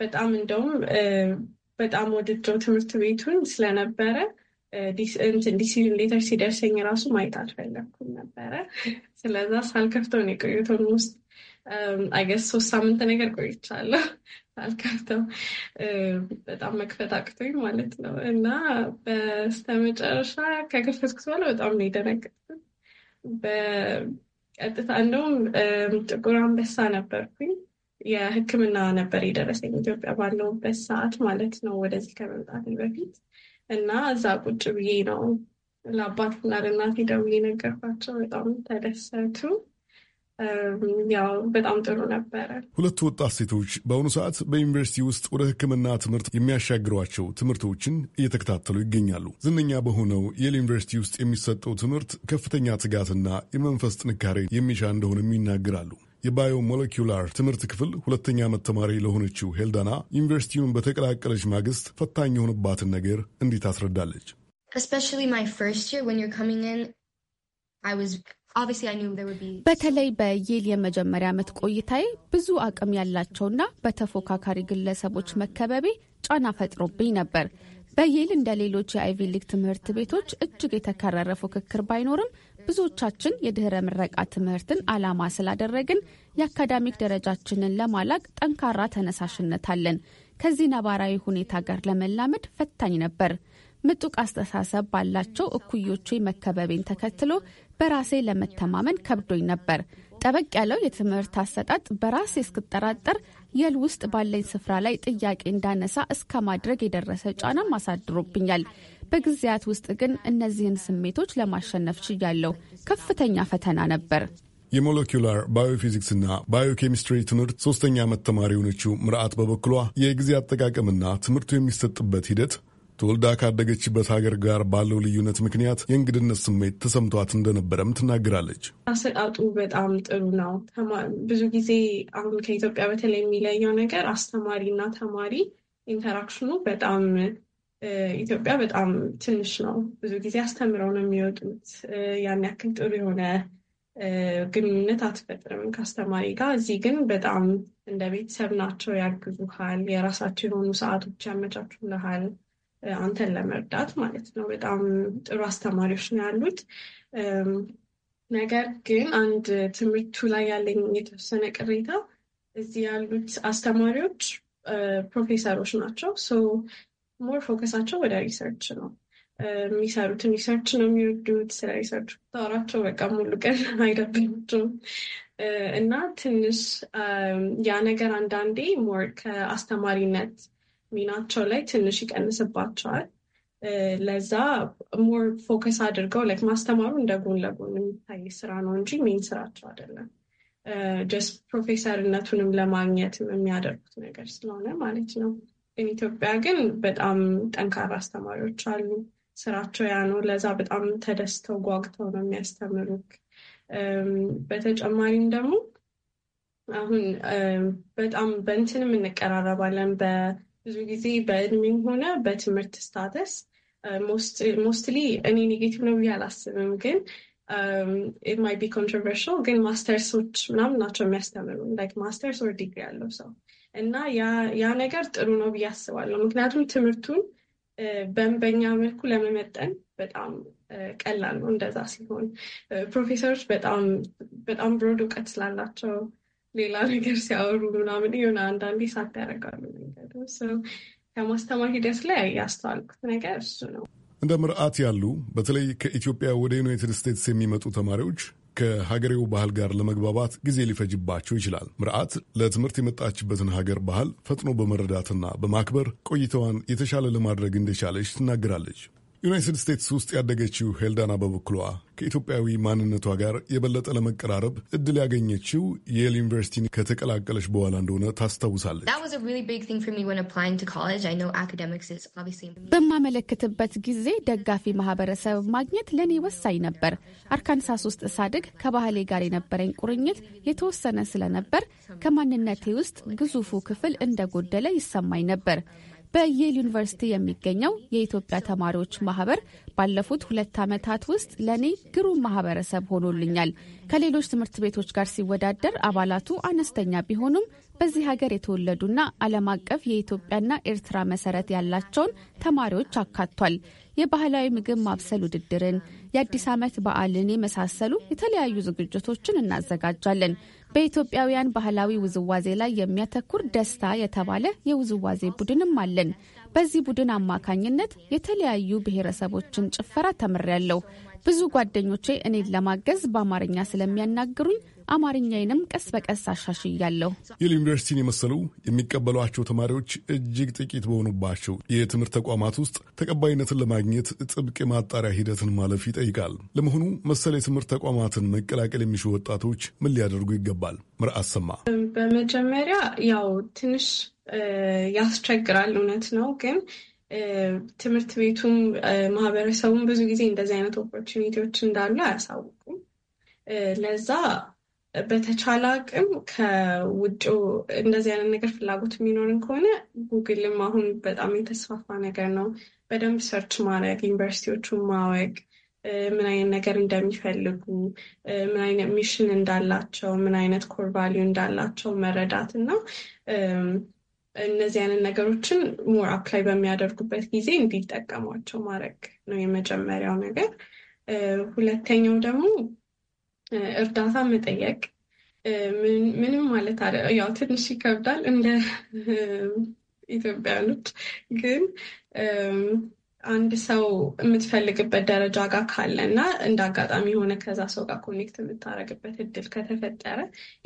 በጣም እንደውም በጣም ወድጀው ትምህርት ቤቱን ስለነበረ ዲሲዥን ሌተር ሲደርሰኝ ራሱ ማየት አልፈለግኩም ነበረ። ስለዛ ሳልከፍተውን የቆየተውን ውስጥ አይገስ um, ሶስት ሳምንት ነገር ቆይቻለሁ አልከፍተው um, በጣም መክፈት አቅቶኝ ማለት ነው። እና በስተመጨረሻ ከከፈትኩት በኋላ በጣም ነው የደነገጥኩት። በቀጥታ እንደውም um, ጥቁር አንበሳ ነበርኩኝ የሕክምና ነበር የደረሰኝ ኢትዮጵያ ባለውበት ሰዓት ማለት ነው ወደዚህ ከመምጣት በፊት እና እዛ ቁጭ ብዬ ነው ለአባትና ለእናቴ ደውዬ ነገርኳቸው። በጣም ተደሰቱ። ያው በጣም ጥሩ ነበረ። ሁለቱ ወጣት ሴቶች በአሁኑ ሰዓት በዩኒቨርሲቲ ውስጥ ወደ ሕክምና ትምህርት የሚያሻግሯቸው ትምህርቶችን እየተከታተሉ ይገኛሉ። ዝነኛ በሆነው የል ዩኒቨርሲቲ ውስጥ የሚሰጠው ትምህርት ከፍተኛ ትጋትና የመንፈስ ጥንካሬ የሚሻ እንደሆነም ይናገራሉ። የባዮ ሞለኪውላር ትምህርት ክፍል ሁለተኛ ዓመት ተማሪ ለሆነችው ሄልዳና ዩኒቨርሲቲውን በተቀላቀለች ማግስት ፈታኝ የሆነባትን ነገር እንዲህ አስረዳለች። በተለይ በየል የመጀመሪያ ዓመት ቆይታዬ ብዙ አቅም ያላቸውና በተፎካካሪ ግለሰቦች መከበቤ ጫና ፈጥሮብኝ ነበር። በየል እንደ ሌሎች የአይቪ ሊግ ትምህርት ቤቶች እጅግ የተከረረ ፉክክር ባይኖርም ብዙዎቻችን የድኅረ ምረቃ ትምህርትን ዓላማ ስላደረግን የአካዳሚክ ደረጃችንን ለማላቅ ጠንካራ ተነሳሽነት አለን። ከዚህ ነባራዊ ሁኔታ ጋር ለመላመድ ፈታኝ ነበር። ምጡቅ አስተሳሰብ ባላቸው እኩዮቼ መከበቤን ተከትሎ በራሴ ለመተማመን ከብዶኝ ነበር። ጠበቅ ያለው የትምህርት አሰጣጥ በራሴ እስክጠራጠር የል ውስጥ ባለኝ ስፍራ ላይ ጥያቄ እንዳነሳ እስከ ማድረግ የደረሰ ጫናም አሳድሮብኛል። በጊዜያት ውስጥ ግን እነዚህን ስሜቶች ለማሸነፍ ችያለው ከፍተኛ ፈተና ነበር። የሞለኪላር ባዮፊዚክስና ባዮኬሚስትሪ ትምህርት ሶስተኛ ዓመት ተማሪ የሆነችው ምርአት በበኩሏ የጊዜ አጠቃቀምና ትምህርቱ የሚሰጥበት ሂደት ተወልዳ ካደገችበት ሀገር ጋር ባለው ልዩነት ምክንያት የእንግድነት ስሜት ተሰምቷት እንደነበረም ትናገራለች። አሰጣጡ በጣም ጥሩ ነው። ብዙ ጊዜ አሁን ከኢትዮጵያ በተለይ የሚለየው ነገር አስተማሪ እና ተማሪ ኢንተራክሽኑ በጣም ኢትዮጵያ በጣም ትንሽ ነው። ብዙ ጊዜ አስተምረው ነው የሚወጡት። ያን ያክል ጥሩ የሆነ ግንኙነት አትፈጥርም ከአስተማሪ ጋር። እዚህ ግን በጣም እንደ ቤተሰብ ናቸው፣ ያግዙሃል፣ የራሳቸው የሆኑ ሰዓቶች ያመቻቹልሃል። አንተን ለመርዳት ማለት ነው። በጣም ጥሩ አስተማሪዎች ነው ያሉት። ነገር ግን አንድ ትምህርቱ ላይ ያለኝ የተወሰነ ቅሬታ እዚህ ያሉት አስተማሪዎች ፕሮፌሰሮች ናቸው። ሶ ሞር ፎከሳቸው ወደ ሪሰርች ነው የሚሰሩትን ሪሰርች ነው የሚወዱት። ስለ ሪሰርች ታወራቸው በቃ ሙሉ ቀን አይደብራቸውም። እና ትንሽ ያ ነገር አንዳንዴ ሞር ከአስተማሪነት ሚናቸው ላይ ትንሽ ይቀንስባቸዋል። ለዛ ሞር ፎከስ አድርገው ላይክ ማስተማሩ እንደ ጎን ለጎን የሚታይ ስራ ነው እንጂ ሜን ስራቸው አይደለም። ጀስት ፕሮፌሰርነቱንም ለማግኘት የሚያደርጉት ነገር ስለሆነ ማለት ነው። ኢትዮጵያ ግን በጣም ጠንካራ አስተማሪዎች አሉ። ስራቸው ያ ነው። ለዛ በጣም ተደስተው ጓግተው ነው የሚያስተምሩት። በተጨማሪም ደግሞ አሁን በጣም በእንትንም እንቀራረባለን ብዙ ጊዜ በእድሜም ሆነ በትምህርት ስታተስ ሞስትሊ እኔ ኔጌቲቭ ነው ብዬ አላስብም፣ ግን ማይ ቢ ኮንትሮቨርሽል ግን ማስተርሶች ምናምን ናቸው የሚያስተምሩ ላይክ ማስተርስ ወር ዲግሪ ያለው ሰው እና ያ ነገር ጥሩ ነው ብዬ አስባለሁ። ምክንያቱም ትምህርቱን በእንበኛ መልኩ ለመመጠን በጣም ቀላል ነው እንደዛ ሲሆን ፕሮፌሰሮች በጣም በጣም ብሮድ እውቀት ስላላቸው ሌላ ነገር ሲያወሩ ምናምን የሆነ አንዳንዴ ሳት ያደርጋሉ። ከማስተማር ሂደት ላይ ያስተዋልኩት ነገር እሱ ነው። እንደ ምርዓት ያሉ በተለይ ከኢትዮጵያ ወደ ዩናይትድ ስቴትስ የሚመጡ ተማሪዎች ከሀገሬው ባህል ጋር ለመግባባት ጊዜ ሊፈጅባቸው ይችላል። ምርዓት ለትምህርት የመጣችበትን ሀገር ባህል ፈጥኖ በመረዳትና በማክበር ቆይታዋን የተሻለ ለማድረግ እንደቻለች ትናገራለች። ዩናይትድ ስቴትስ ውስጥ ያደገችው ሄልዳና በበኩሏ ከኢትዮጵያዊ ማንነቷ ጋር የበለጠ ለመቀራረብ እድል ያገኘችው የል ዩኒቨርሲቲን ከተቀላቀለች በኋላ እንደሆነ ታስታውሳለች። በማመለክትበት ጊዜ ደጋፊ ማህበረሰብ ማግኘት ለእኔ ወሳኝ ነበር። አርካንሳስ ውስጥ ሳድግ ከባህሌ ጋር የነበረኝ ቁርኝት የተወሰነ ስለነበር ከማንነቴ ውስጥ ግዙፉ ክፍል እንደጎደለ ይሰማኝ ነበር። በየል ዩኒቨርሲቲ የሚገኘው የኢትዮጵያ ተማሪዎች ማህበር ባለፉት ሁለት ዓመታት ውስጥ ለእኔ ግሩም ማህበረሰብ ሆኖልኛል። ከሌሎች ትምህርት ቤቶች ጋር ሲወዳደር አባላቱ አነስተኛ ቢሆኑም በዚህ ሀገር የተወለዱና ዓለም አቀፍ የኢትዮጵያና ኤርትራ መሰረት ያላቸውን ተማሪዎች አካቷል። የባህላዊ ምግብ ማብሰል ውድድርን፣ የአዲስ ዓመት በዓልን የመሳሰሉ የተለያዩ ዝግጅቶችን እናዘጋጃለን። በኢትዮጵያውያን ባህላዊ ውዝዋዜ ላይ የሚያተኩር ደስታ የተባለ የውዝዋዜ ቡድንም አለን። በዚህ ቡድን አማካኝነት የተለያዩ ብሔረሰቦችን ጭፈራ ተምሬያለሁ። ብዙ ጓደኞቼ እኔን ለማገዝ በአማርኛ ስለሚያናግሩኝ አማርኛዬንም ቀስ በቀስ አሻሽያለሁ። ይል ዩኒቨርሲቲን የመሰሉ የሚቀበሏቸው ተማሪዎች እጅግ ጥቂት በሆኑባቸው የትምህርት ተቋማት ውስጥ ተቀባይነትን ለማግኘት ጥብቅ የማጣሪያ ሂደትን ማለፍ ይጠይቃል። ለመሆኑ መሰል የትምህርት ተቋማትን መቀላቀል የሚሹ ወጣቶች ምን ሊያደርጉ ይገባል? ምርአት ሰማ፣ በመጀመሪያ ያው ትንሽ ያስቸግራል፣ እውነት ነው ግን ትምህርት ቤቱም ማህበረሰቡም ብዙ ጊዜ እንደዚህ አይነት ኦፖርቹኒቲዎች እንዳሉ አያሳውቁም። ለዛ በተቻለ አቅም ከውጭ እንደዚህ አይነት ነገር ፍላጎት የሚኖርን ከሆነ ጉግልም አሁን በጣም የተስፋፋ ነገር ነው። በደንብ ሰርች ማድረግ፣ ዩኒቨርሲቲዎቹን ማወቅ፣ ምን አይነት ነገር እንደሚፈልጉ፣ ምን አይነት ሚሽን እንዳላቸው፣ ምን አይነት ኮር ቫሊዩ እንዳላቸው መረዳት እና እነዚህ አይነት ነገሮችን ሞር አፕላይ በሚያደርጉበት ጊዜ እንዲጠቀሟቸው ማድረግ ነው የመጀመሪያው ነገር። ሁለተኛው ደግሞ እርዳታ መጠየቅ ምንም ማለት ያው ትንሽ ይከብዳል እንደ ኢትዮጵያኖች ግን አንድ ሰው የምትፈልግበት ደረጃ ጋር ካለ እና እንደ አጋጣሚ የሆነ ከዛ ሰው ጋር ኮኔክት የምታደርግበት እድል ከተፈጠረ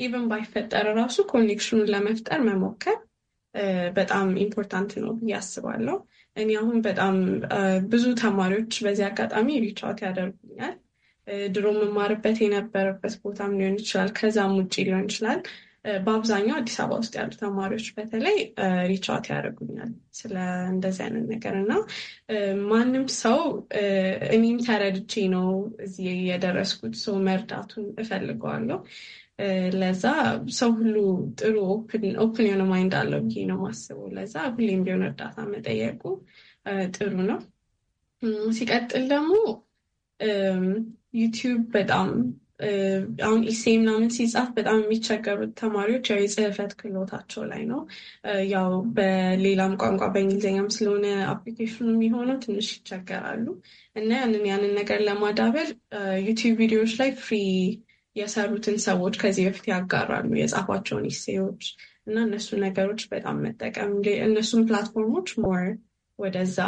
ኢቨን ባይፈጠር ራሱ ኮኔክሽኑን ለመፍጠር መሞከር በጣም ኢምፖርታንት ነው ብዬ አስባለሁ። እኔ አሁን በጣም ብዙ ተማሪዎች በዚህ አጋጣሚ ሪቻውት ያደርጉኛል። ድሮ መማርበት የነበረበት ቦታም ሊሆን ይችላል፣ ከዛም ውጭ ሊሆን ይችላል። በአብዛኛው አዲስ አበባ ውስጥ ያሉ ተማሪዎች በተለይ ሪቻት ያደርጉኛል ስለ እንደዚህ አይነት ነገር እና ማንም ሰው እኔም ተረድቼ ነው እዚህ የደረስኩት ሰው መርዳቱን እፈልገዋለሁ። ለዛ ሰው ሁሉ ጥሩ ኦፕን የሆነ ማይንድ አለው ብዬ ነው ማስበው። ለዛ ሁሌም ቢሆን እርዳታ መጠየቁ ጥሩ ነው። ሲቀጥል ደግሞ ዩቲዩብ በጣም አሁን ኢሴ ምናምን ሲጻፍ በጣም የሚቸገሩት ተማሪዎች ያው የጽህፈት ክህሎታቸው ላይ ነው። ያው በሌላም ቋንቋ በእንግሊዝኛም ስለሆነ አፕሊኬሽኑ የሚሆነው ትንሽ ይቸገራሉ እና ያንን ያንን ነገር ለማዳበር ዩቲዩብ ቪዲዮዎች ላይ ፍሪ የሰሩትን ሰዎች ከዚህ በፊት ያጋራሉ የጻፏቸውን ኢሴዎች እና እነሱ ነገሮች በጣም መጠቀም እነሱን ፕላትፎርሞች ሞር ወደዛ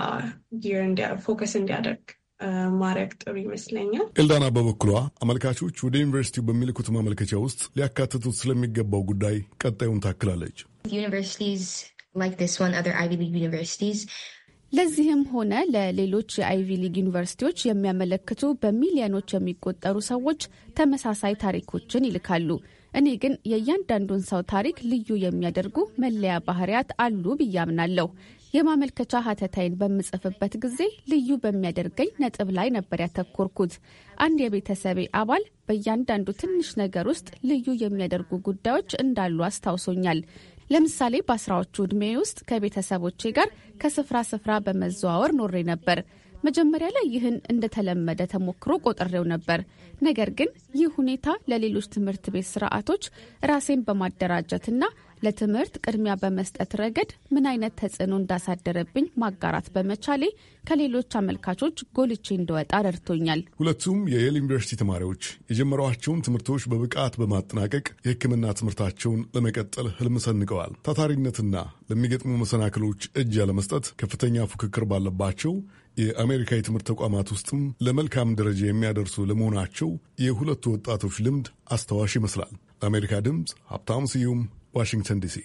ጊር ፎከስ እንዲያደርግ ማድረግ ጥሩ ይመስለኛል። ኤልዳና በበኩሏ አመልካቾች ወደ ዩኒቨርሲቲው በሚልኩት ማመልከቻ ውስጥ ሊያካትቱት ስለሚገባው ጉዳይ ቀጣዩን ታክላለች። ለዚህም ሆነ ለሌሎች የአይቪ ሊግ ዩኒቨርሲቲዎች የሚያመለክቱ በሚሊዮኖች የሚቆጠሩ ሰዎች ተመሳሳይ ታሪኮችን ይልካሉ። እኔ ግን የእያንዳንዱን ሰው ታሪክ ልዩ የሚያደርጉ መለያ ባህሪያት አሉ ብዬ አምናለሁ። የማመልከቻ ሀተታይን በምጽፍበት ጊዜ ልዩ በሚያደርገኝ ነጥብ ላይ ነበር ያተኮርኩት። አንድ የቤተሰቤ አባል በእያንዳንዱ ትንሽ ነገር ውስጥ ልዩ የሚያደርጉ ጉዳዮች እንዳሉ አስታውሶኛል። ለምሳሌ በአስራዎቹ ዕድሜ ውስጥ ከቤተሰቦቼ ጋር ከስፍራ ስፍራ በመዘዋወር ኖሬ ነበር። መጀመሪያ ላይ ይህን እንደተለመደ ተሞክሮ ቆጥሬው ነበር። ነገር ግን ይህ ሁኔታ ለሌሎች ትምህርት ቤት ስርዓቶች ራሴን በማደራጀትና ለትምህርት ቅድሚያ በመስጠት ረገድ ምን አይነት ተጽዕኖ እንዳሳደረብኝ ማጋራት በመቻሌ ከሌሎች አመልካቾች ጎልቼ እንደወጣ ረድቶኛል። ሁለቱም የየል ዩኒቨርሲቲ ተማሪዎች የጀመሯቸውን ትምህርቶች በብቃት በማጠናቀቅ የሕክምና ትምህርታቸውን ለመቀጠል ህልም ሰንቀዋል። ታታሪነትና ለሚገጥሙ መሰናክሎች እጅ ያለመስጠት ከፍተኛ ፉክክር ባለባቸው የአሜሪካ የትምህርት ተቋማት ውስጥም ለመልካም ደረጃ የሚያደርሱ ለመሆናቸው የሁለቱ ወጣቶች ልምድ አስታዋሽ ይመስላል። ለአሜሪካ ድምፅ ሀብታሙ ስዩም Washington, D.C.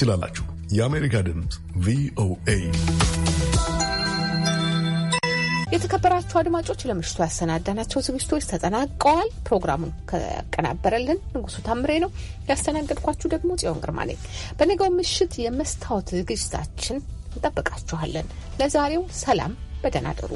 ትችላላችሁ። የአሜሪካ ድምፅ ቪኦኤ። የተከበራችሁ አድማጮች ለምሽቱ ያሰናዳናቸው ዝግጅቶች ተጠናቀዋል። ፕሮግራሙን ከቀናበረልን ንጉሱ ታምሬ ነው። ያስተናገድኳችሁ ደግሞ ጽዮን ግርማ ነኝ። በነገው ምሽት የመስታወት ዝግጅታችን እንጠብቃችኋለን። ለዛሬው ሰላም፣ በደህና እደሩ።